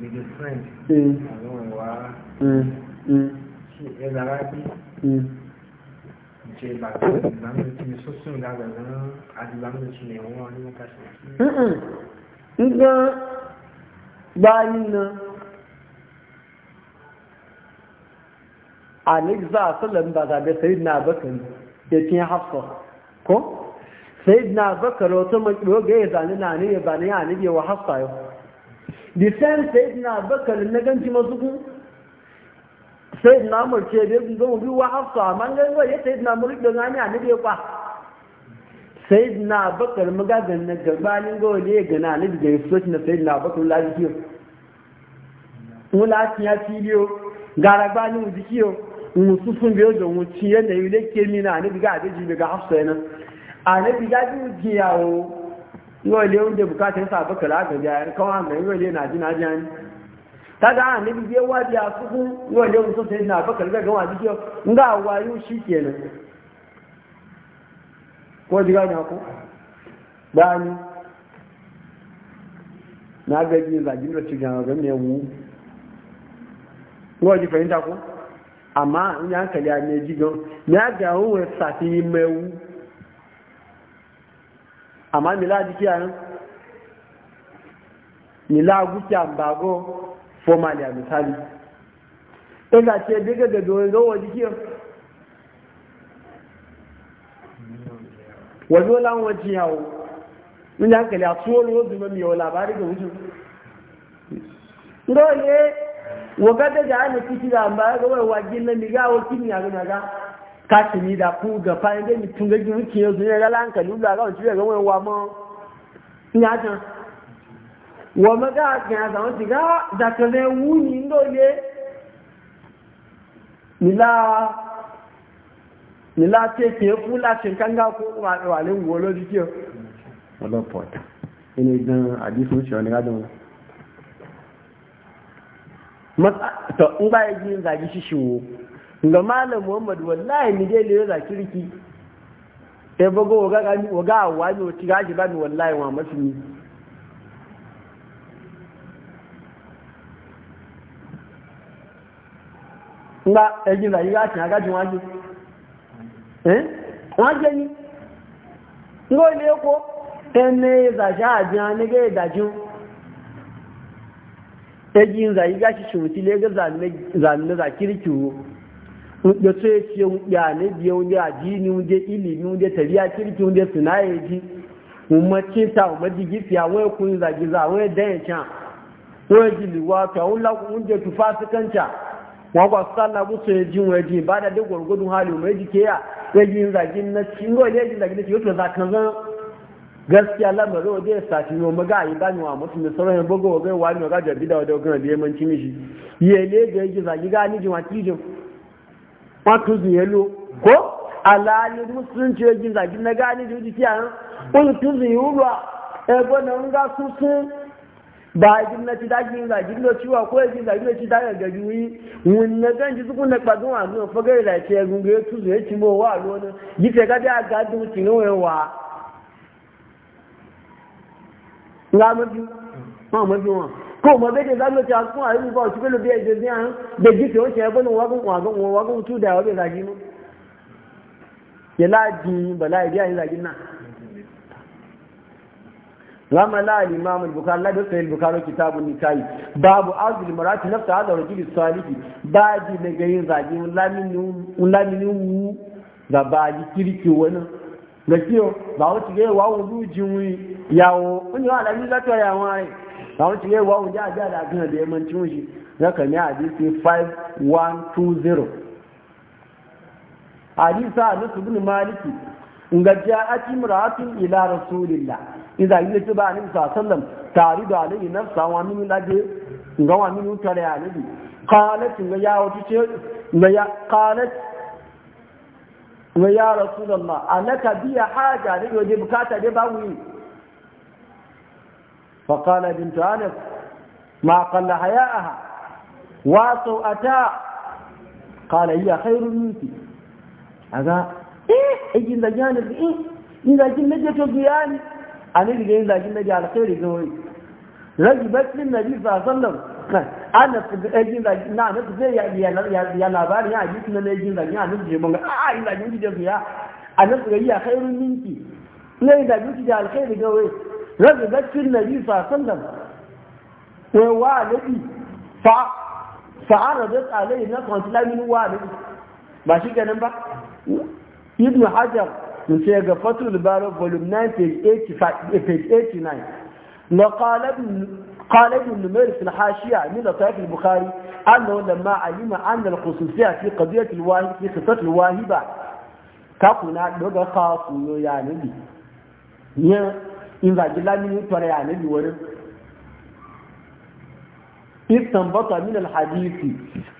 with a friend mm. àwọn ìwà mm. Mm. ṣe ẹ̀dára bí tí ba zaɓe sayid na bakar ya ce hafsa ko sayid na bakar wata makiyo ga ya zane na ne ya zane the same sayyidina bakar na ganci masu kun sayyidina amur ce da yadda zama biyu wa hafsa amma ganin wa ya sayyidina mulk da gani a nabi kwa sayyidina bakar magagan na gabanin gawa ne gana nabi da yusuf na sayyidina bakar lafiya wula ya filiyo gara gbanin wujikiyo musu sun biyo da wuci yadda yi lekir mina nabi ga abin jibi ga hafsa yana a nabi ga biyu giyawo yau ne wanda bukatun sa baka la ga jayar kawan nan yau ne na ji na jani kaga an ne biye wadi a yau sai na baka ga gawa dike nga wayo shikenan ko diga na ku bani na gaji zagin cikin ga me wu ko ji fahimta ko amma in yanka ya ne jigon ga wu. amma mila jikiya nan mila gukiya bago formally a misali ina ce daga da doyin gawa jikiya wani wala wajen yawo in da hankali a tsohon wanzu mai yawa labari ga wucin dole wakata da ana ciki da ba ga wai wajin kásìlì dàkú gàfà ẹgbẹ́ mi tún gẹ́gẹ́ wíkì oṣù ní ẹ̀rọ láǹkẹ̀lú lọ àwọn ìṣúlẹ̀ ìwọ̀n ẹ̀wọ̀ àmọ́ ìyájọ́ wọ́n mẹ́ta àkìn àtàwọn ti gá dàkẹ̀lẹ̀ wú ní lóye nílá tẹ́kẹ̀ẹ́ fún láti kánga kó wà lé wù ọlọ́dí tí ó ọlọ́pọ̀ta inú ìdán àdífún ṣọ́ ní rádùn wọn. ń gbá ẹgbẹ́ ìgbà yìí ṣíṣe wò ga malam muhammad wallahi mi dai lera za kirki sai bago waga gani waga wa ne wata gaji ba ni wallahi wa masu ni nga ejin da yiga tin aga jin waje eh waje eh, ni ngo ile ko ene eh, za ja ajan ne ga da jin ejin za yiga eh, shi shi mutile ga zanne zanne za kirkiwo da so ya ce ya ne biya wunde addini wunde ni wunde tariya kirki wunde sunaye ji umarci ta gifi a wani kun zagi za a wani dan can wani jiliwa ta wani lakun wunde tufa su kanca wani kwa sallah musu ya ji wani ji ba da duk gwargwadon hali mai jike ya ya ji zagi na cikin ci wani ya ji zagi na ci wato za ka zan gaskiya lamarin wa zai sa shi yau maga yi ba ni wa mutum da sauran bugu wa gai wani wa gajar bida wa daukan da yamanci mishi yele da ya ji zagi gani jiwa kijin wato ziyelo ko alali musulunci ya jin zagi na gani da yuji kiyaye kun tu ziyulwa ebo na nga sun ba jin na ci zagi ciwa ko jin zagi no ci daga gari wi mun na gan ji sukun na kpadun wa no faga ila ce wa lo yi te ga da ga du ci wa nga wa ko ma bai za mu ta kun a yi ba su belo biya e jirgin an e da jike wace ya gwanin wagon wagon wagon tu da wabe zagi mu ya laji bala ya biya zagin nan rama la al-imam al-bukhari la dukkan al-bukhari kitabun nikahi babu azl marati nafsa hada rajul salihi baji da gayin zagi lamini lamini da baji kirki wani da kiyo ba wuce ga yawo lujin yawo kun yi wa alamin lafiya yawon ai na wani cikin wawon ji a ji a da abin da ya manci mushi na kami a dc 5120 a dc a nasu bin maliki ga jiya a ci muratun ila rasulillah idan yi ci ba a nisa sallam tare da alayi na sawa mini laje ga wa mini tare a nabi kalat ga ya wata ce ga ya kalat ga ya rasulallah alaka biya haja ne yaje bukata dai ba mu yi فقال بنت أنس ما قل حياءها واسوا أتى قال هي خير منك هذا إيه أجل جانب إيه إذا جل نجت وقياني أنا اللي إذا جل نجي على خير زوي رجل رجبت للنبي صلى الله عليه وسلم أنا اجي لجي نعم زي يا نابار يا جيت من أجل لجي أنا زي من آه إذا جل نجي وقيا أنا اللي هي خير منك لا إذا جل نجي على خير زوي rabi zakin nabi sallam wai wa nabi fa da tsalai na kwantilamin wa nabi ba shi ganin ba ibn hajar in ce ga fatul barar volume 9 page 89 na قال ابن نمير في الحاشية من لطائف البخاري أنه لما علم أن الخصوصية في قضية الواهب في قصة الواهبة كقنا لغا خاص يا نبي in zagi lamini tare ya nabi wani bata min alhadisi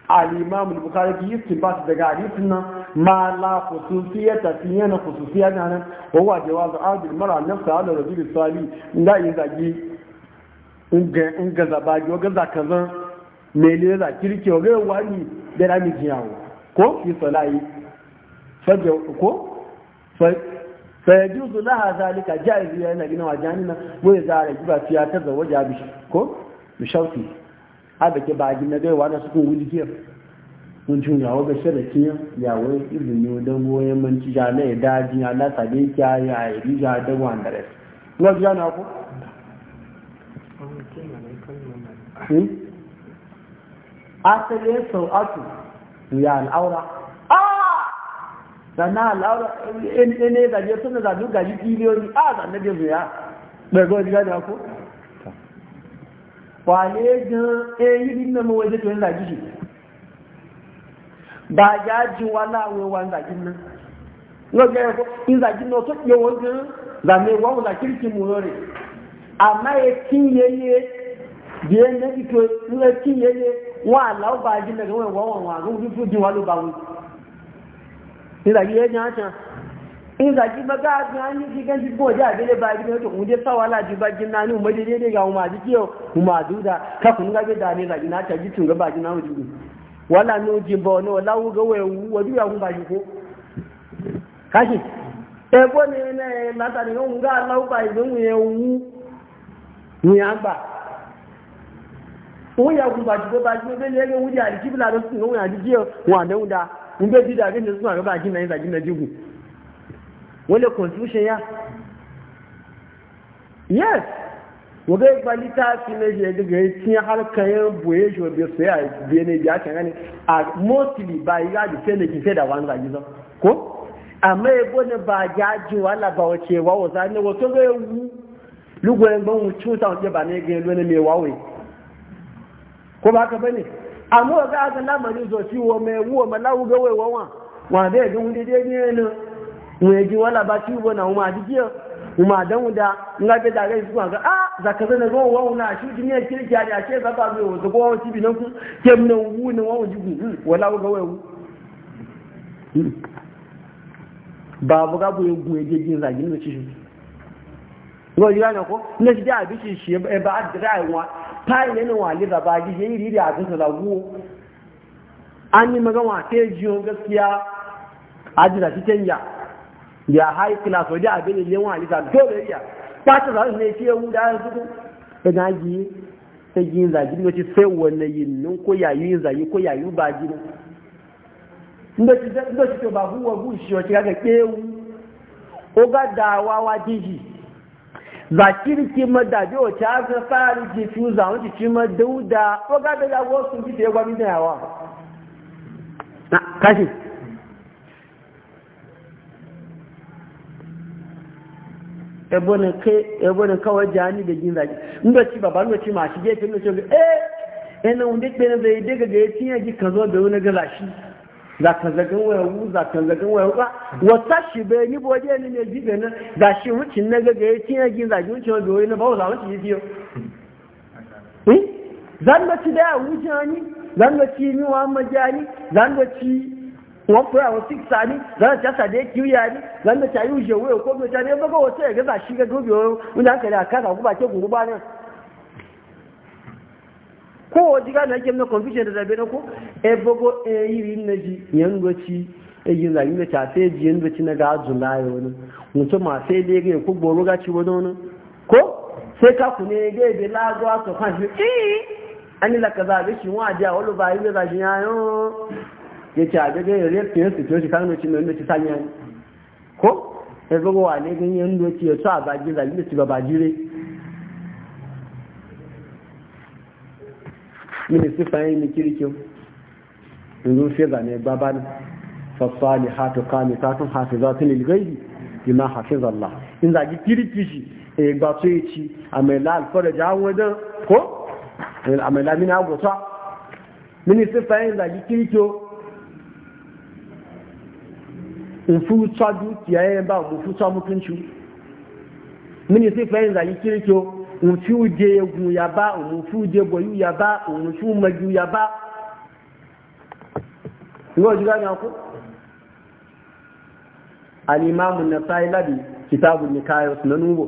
al-imam al-bukhari ki istanbat daga hadisin nan ma la khususiyata fi yana khususiya nan huwa jawaz adil mara nafsa ala rajul salih inda in zagi in ga zabagi wa ga zakazan me le za kirke wa ga wani da rami jiyawo ko fi salai fa ko fa فيجوز لها ذلك جائز لأن لنا وجاننا وإذا رجب فيها تزوج كو بشوطي هذا كبعد النبي وانا سكون ولدي mun tun yawo ga sharakin yawo izini don goyon manci jana ya daji ya lasa da ya ya ya yi ja da wanda rai ji jana ku? asali sau'atu ya al'aura sannan al'aura ne gaje suna zaɓi gaji biliyoyi a zanen da e, zuya ɓargo ji gada ko kwale gan eyi nínú ọmọ wajen tó ń zàjí ṣe bá yá jí wá láwọn wa ń zàjí náà lọ́jọ́ ẹ̀kọ́ ń zàjí náà tó pé wọ́n gan zàmì wọ́n wọ́n zàjí kì mú rẹ̀ àmá yẹ kí yẹyẹ bí ẹ nẹ́bí tó ń lọ kí yẹyẹ wọ́n àláwọ̀ bá jí náà wọ́n wọ́n wọ́n àgọ́ ìrìnàjí ẹjọ́ àṣà ìrìnàjí bọ́gá àgbà ní kíkẹ́ sí bọ́ àgbélé bá ibi tó kún jẹ́ sáwà láti bá jí ní ọmọ dédé ga ọmọ àdíkí ọmọ àdúdà kákùn gbágbé dáa ní a in bai ji da abin da suna gaba a gina yin zagin na jihu wale constitution ya yes waga yi bali ta fi na je daga yi cin harkar yin boye shi wa bai soya biye ne biya kan gani a mostly ba yi ga da sai da kife da wani zagi zan ko amma ya bane ba jaji wala ba wace wa wawo zane wato zai wu lugoyen ban wucin sa wace ba ne ga yi lona mai wawe ko ba haka bane àmọ́ ga ga lamari zo ti wo me wo ma lawu ga we wa wa de ga wunde de ni ne we ji wala ba ti wo na uma ji ji uma dan da nga be da ga su ga a za ka zana go wa na shi din ne kirki ya ce ba ba me wo go ti bi nan ku ke mun wu ne wa ji ku wala ga we wu babu ga bu gun eje jin za jin ne ci shi go ji ga ko ne ji da bi shi shi e ba da ai wa páìlì ní wà lè bàbá jíjẹ ìrí a àtúntò làwú an yi magana wa ta jiyo gaskiya ajira shi canja ya high class wajen abin ilimin wa lisa dole ya kwata za su ne fiye mu da ya suku da e na ji ta ji yin zagi wace sai wanne yin nun ko yayi yin zagi ko ba ji nun inda shi to ba huwa gushi kaga kewu o ga dawa wa jiji zakiri ki mada bi o ta ga fari ki fi za mu ki ma dauda ko ga da go su ki te gwa mi da yawa na kashi ebone ke ebone kawai jani da gin zaki inda ci baba inda ci ma shi gefe inda ci eh ina unde pe na zai daga ga yatin ya ji kazo da wani gaza shi za ka zagin wayawu za ka zagin wayawu ba wata shi bai ni boje ni ne zibe na za shi wucin na gaga ya tiya gin za shi wucin wanda wani na ba za wucin yi biyo eh? zan da ci daya wucin ni zan da ci ni wa majani zan da ci wọn fura wọn six ni, zan da ci asa da ya kiyu yari zan da ci ayi wuce wuya ko mai tare ya baga wata ya gaza shi ga dubi wani wani hankali a kasa ku ba ke ku ba ne ko waje gane ake na confusion da zabe na ko e bogo e yiri na ji yangoci e yin zagi ta sai ji yangoci na ga azula ya wani mutum ma sai dai ga ko boro ga ci wani wani ko sai ka ku ne ga ebe lagu a to kan shi eh ani la kaza be shi wa ja wani ba yi da shi ya yo ya ci a gaga ya rep ne su to shi kan ci ne ci sanya ko e bogo wa ne ga yangoci ya to a ba ji zagi ne ci ba ba jire mini sifayen ni kirkin yanzu sai zane baban fasali hatu kami satun hafizatun ilgaibi bima hafizallah in zagi kirki shi e gba so e ci a mai la alfara jawon wajen ko a mai lamini agosa mini sifayen zagi kirkiyo nfusa dukiya yayin ba mu fusa mutunci mini sifayen zagi kirkiyo òun je ó jẹ egun je òun tí ó jẹ bọyú yaba òun tí ó mẹju yaba ìwọ ojú láti alimamu na sáyé kitabu ni kayo sunanu wo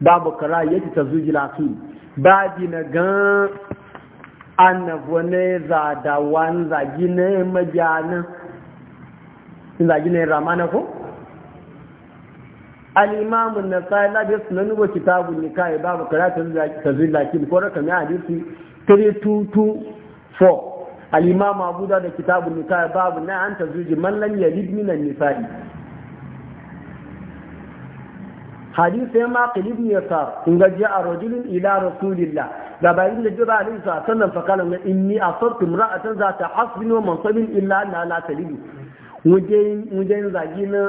babu kara yake ta zuji lafi babi na gan annabo ne za da wan zagi ne majanin zagi ne ramana ko al-imam an-nasai la bi sunan wa kitabun nikah babu karatun tazil lakin ko raka mai hadisi 3224 al-imam abu da kitabun nikah babu na an zuji, man lam yalid min an-nisa'i hadisi ya maqil ibn yasar in gaji a rajulun ila rasulillah da bayin da jira alaihi sannan fa kana inni asabtu imra'atan ta hasbin wa mansabin illa anna la talibi mujayin wajen zagi na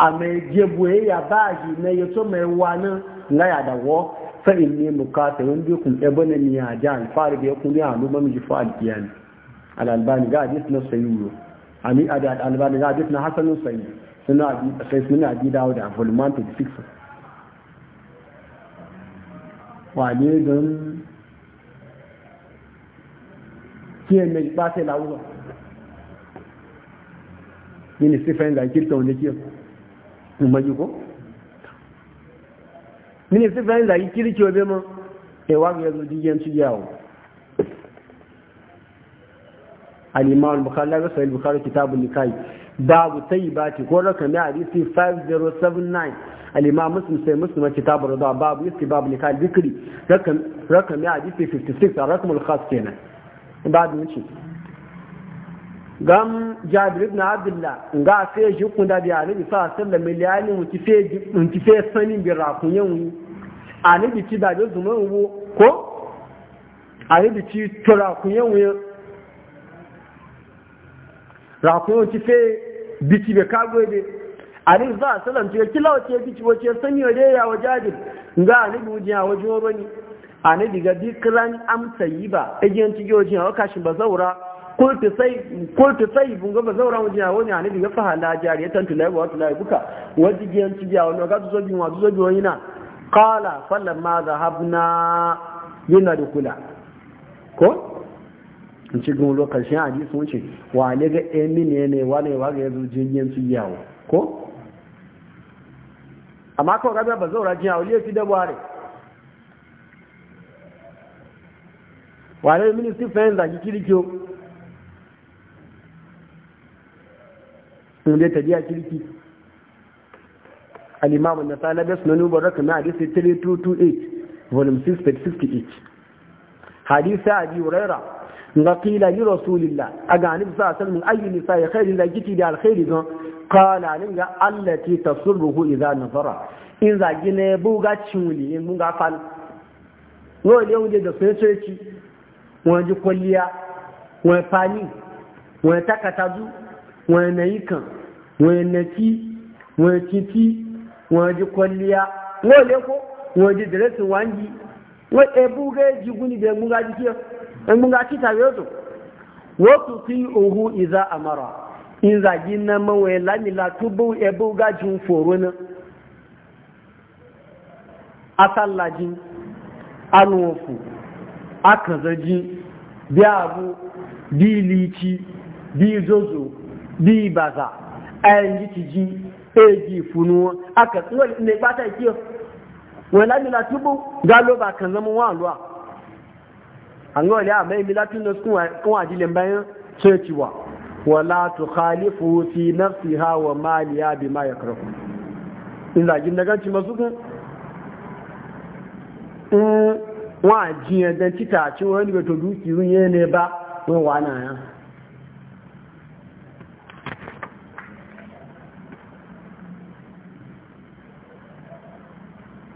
Ame mai ya ba shi na ya so mai na ya dawo fa mukata bi kun ebe na kun ya ji fa ga na ami a ga na sai suna abi dawo da 26 wane don kiyan mai ba sai a kirta umarji ko mini sifayin zagi kirki obe ma ewa eh, ga yanzu jigen ci yawo al-imam al-bukhari la sahih al-bukhari kitab al-nikah babu bati ko rakami hadisi 5079 al-imam muslim sai muslim kitab ar-rida babu iski babu nikah dhikri rakami hadisi 56 a al-khas kenan babu wuce gam jabir ibn abdullah nga fe jukun da bi ali sa sallam miliyani mu kife mu kife sani bi rakun yan ani bi ti da zuma wo ko ani bi ti to rakun yan wo rakun wo kife bi ti be kago de ani sa sallam ti kilawo ti bi ti wo ti sani o de ya wa jabir nga ani bu ji ya wa joro ni ani diga bi kran am sayiba ejen ti goji ha wa kashin bazaura kultu sai kultu sai bun ga bazaura wani ya wani ani ga fa hala jariyatan tulai wa tulai buka wadi giyan ci jiya wani ga zo bin wa zo bin wani na qala falamma dhahabna yana da kula ko in ci gun lokacin sun wuce wa ne ga emine ne wa ne wa ga yazo jinyan ci yawo ko amma kawai ga bazaura jiya ya fi da bare wa ne ministry fenza kikirikyo sun dai tabiya kirki al-imam an-nasai na basu nanu baraka na hadisi 3228 volume 6 page 68 hadisi abi huraira ga kila yi rasulillah aga annabi sallallahu alaihi wasallam ayyu nisa'i khairin la jiti da alkhairi don qala lin ga allati tasurruhu idza nazara in zagi ya buga cinuli in mun ga fal no le wuje da sai sai ci wani kwalliya wani fani wani takatazu wani na yi kan wani na wani titi wani ji kwalliya wani leko ko wani ji wangi wani ebu ga ji guni da mun gaji kiyar in mun gaji tare su wasu fi uhu iza amara in zagi na mawai lamila tubu ebu gajin foro na asallajin anuwofu akazaji biya abu bi lici bi zozo bi baza ayan ji eji funuwa aka wani ne ba ta kiyo wani lami la tubu galo ba kan zama wa alwa an yi wani amma imi latin da sun wa jilin bayan sai ci wa wala tu khalifu fi nafsiha wa ma mm, ya yakrahu in zagin da ganci masu kun wọn àjíyàn dẹ̀ títà tí wọ́n nígbẹ̀ tó dúkìrún yẹ́ ní ẹbá wọ́n wà náà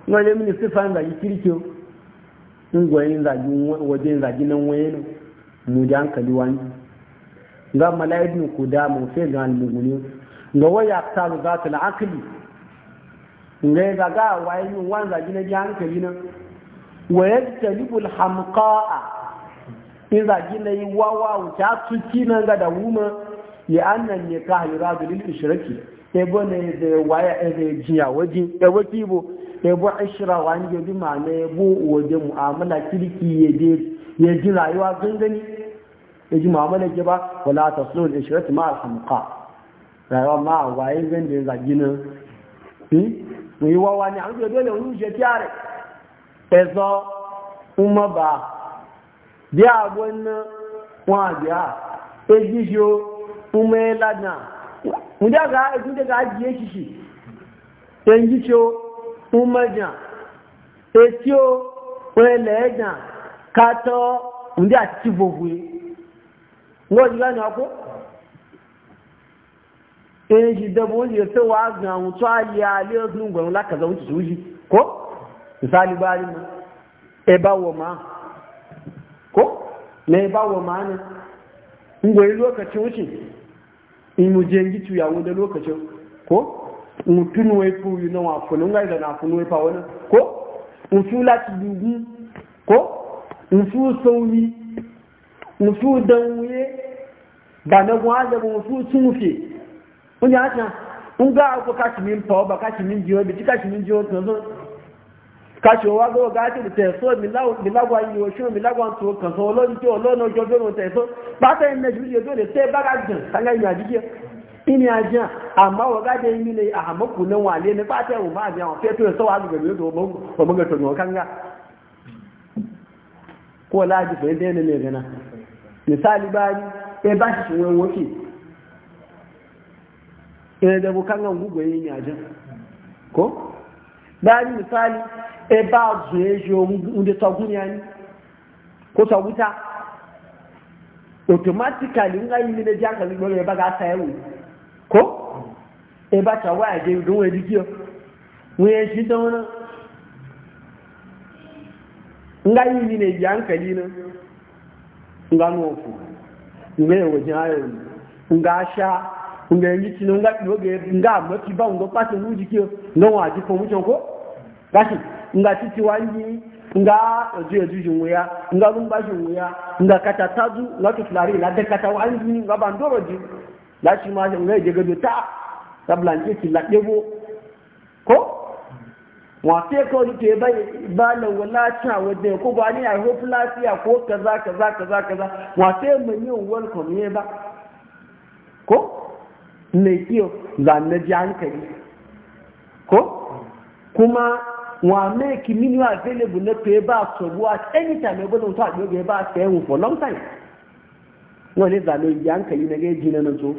wọ́n lé mi ní sífà ń zàjí kirki ń gwayin zàjí waje zàjí nan waye ne mu da hankali wani ga mala'ibin ku da mu sai ga almuguni ga waya ta za ta la'akali ga ga ga waye min wani zàjí na ji hankali nan waye ta libul hamqa'a in zàjí na yi wawa wuce tuki nan ga da wuma ya annan ne ka halira da lil ishraki ebo ne da waya da jiya waje da wakibo yabo ashira wani yabi ma'ana yabo waje mu'amala kirki ya ji rayuwa gangani ya ji mu'amala ke ba wala ta sulul ishrat ma alhamqa rayuwa ma waye ganda za gina yi yi wawa ne an dole wani je tare ezo kuma ba biya gwanna wa biya ejijo kuma ladna mu daga ajiye shi shi yanzu ciwo umajan etí o pẹlẹ ẹjan kátọ ǹdí àti tí gbogbo yìí wọ́n ti lánàá kó èyí sì dẹ́bù ó sì yẹ pé wà á gbìn àwọn tó ayé alẹ́ ọdún gbẹ̀rún lákàtà ó sì tó yìí kó ìsáàlì bá ẹ bá wọ̀ máa kó na ẹ bá wọ̀ máa ni ń gbèrè lókàtí ó sì ìmùjẹ́ ń ìyàwó lé lókàtí kó mutun wai fu yi na wafu nan gai da na fu wai fa wani ko mutu lati dugu ko mutu sauri mutu danwuye ba na gwaza ba mutu tunfe wani haka in ga aku kashi min fawo ba kashi min jiyo bi ci kashi min jiyo kan zo kashi wa ga ga ti te so mi lawo mi lawo yi o shun mi lawo to kan so lo ni to lo no jo no te so ba ta ne ju je do le te ba ga jan kan ga ni ajije ini aja amma wa gade yi ne a hamaku nan wale ne ba ta yi ma a ajiya wa fetu da sawa ga biyu domin ba muga tono kanga ko laji fa yadda ne gana misali bani e ba shi shi wani wofi e da bu kanga gugu yi ina aja ko bani misali e ba zuye shi wani taguniya ne ko taguta automatically nga yi ne jankali gbogbo ya baga sayarwa. ko e ba ta waya je don wani dikiyo wani shi ta wani nga yi ni ne ya hankali na, nga nufu nga yi wajen ayon nga sha nga yi ci nga ɗoge nga mafi ba nga ɓata mu jike nga waji fa mucin ko Ba shi, nga titi ni, nga ojú ojú jù ya, nga rumba jù ya, nga kata tazu nga tutulari na de kata ni nga bandoro jù lati ma je ngai jega do ta sablan ke ti lati bo ko wa te ko ni te bai ba la wala cha wode ko ba ni ai hope lati ya ko kaza kaza kaza kaza wa te mun yi wal ko ba ko ne kiyo za ne jan kai ko kuma wa make mini available ne pe ba so wa anytime e bodo ta jo ge ba se un for long time ngole za lo yan kai ne ge jina na zo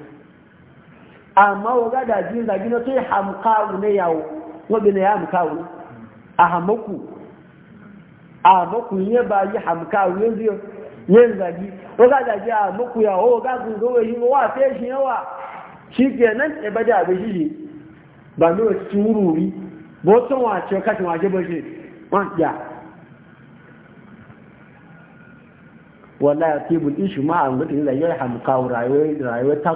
amma waga da jin zagi na sai hamkawu ne yawo wabi na ya hamkawu a hamaku a hamaku ne ba yi hamkawu yanzu yin zagi waga da ji a hamaku yawo waga yi wa fe shi yawa shi ke nan ɗaba e da abin shi ba ne wasu wace wace ba shi wanda wallahi tibul ishu ma an gudun da yi hamkawu ta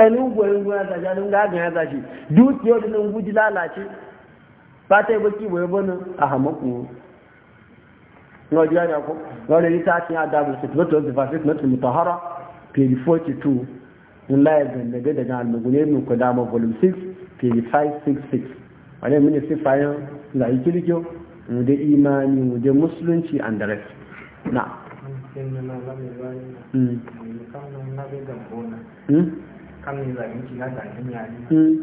ainihin goyon goyon zashi ɗanin gagan ya zashi dukiyar da nan guji lalace ba ta yi baki bai bane a hamaku na wajen yana ko wani ta cin dabu su tuba tuwa zufa fit nasu mutahara page 42 in laye zandage daga almagune mai kuda ma volume 6 page 566 wani mini sifayen zai kirkiyo mu da imani mu da musulunci an da rest na Mm.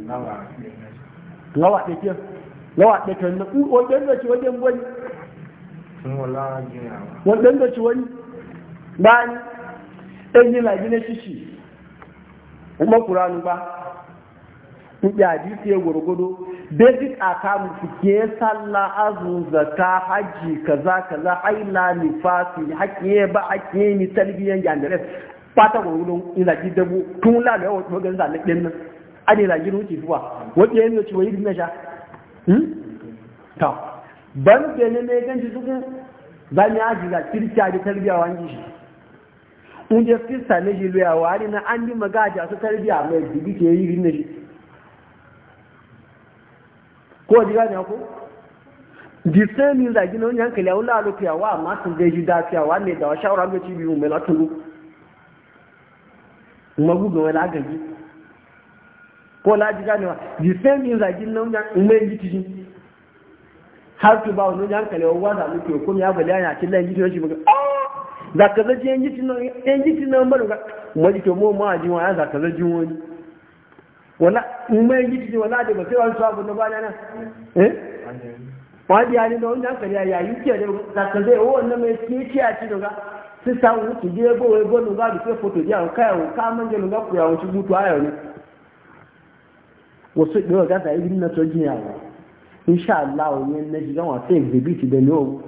lawa ɗe lawa ɗe na da ci wajen wajen da ci wani ɗan yi lagi na shishi kuma kuranu ba kuɗi hadisi sai gwargwado basic akamu ke sallah azu zaka haji kaza kaza haila nifasi haƙƙe ba haƙƙe ni talbiyan yandares fata wa wulon in zaki dabu tun la ga wato hmm? ga zalin din nan ade zaki ruci zuwa wato yayin ci wayi na sha hmm to ban ke ne ne ganci duk zan ya ji ga kirkiya da tarbiya wangi shi in je kirista ne ji luya wa ni na andi bi magaja su tarbiya mai bibi ke yi ne shi ko ji gane ko the same in zaki na wani hankali a wula a wa amma sun gaji dafiya wa ne da wa shawara ga biyu mai latulu magu ga wani agaji ko laji ganewa the same thing zagi nan ya umen gitiji har tu ba wani ya hankali wa za mu ke ko ya bali ya shi muka za ka zaji yan gitiji nan yan gitiji nan ji to mu ma wani wala umen gitiji wala na ne ya sisa wutu je bo we bo nuga du foto je an kai an ka manje nuga ku ya wutu butu ayo ni wasu do ga da irin na toji ya insha Allah o ne ne jiga wa sai exhibit da no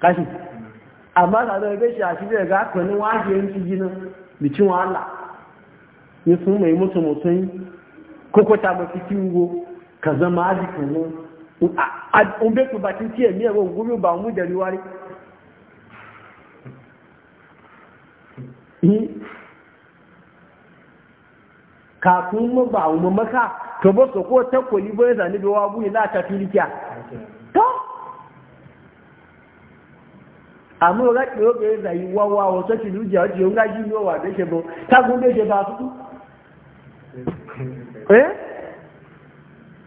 kashi amma da da be shi a shi ga ko ni wa je ni jina bicin wa Allah ni sun mai mutu mutun koko ta ba fitin go ka zama ajikun a un be ku bakin tiye mi e go gumi ba mu da riwari Hm? kafin mu ba mu maka to ba so ko ta koli bai zani da wabu ila ta filikiya to amma ga ki o be zai wawa o so ti luja o ti ga ji yo wa de se bo ta gun de se ba su eh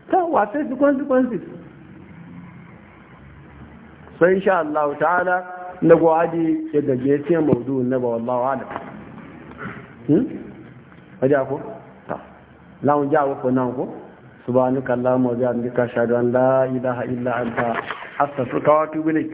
to wa ta consequences so insha Allah ta'ala na gwaji ya gaje ce maudu'in na ba wallahi alam wajen hmm? ko? ta lamun ja wakon nan ko? subhanakallahumma wa bihamdika ashhadu an la ilaha illa anta wa atubu ilayk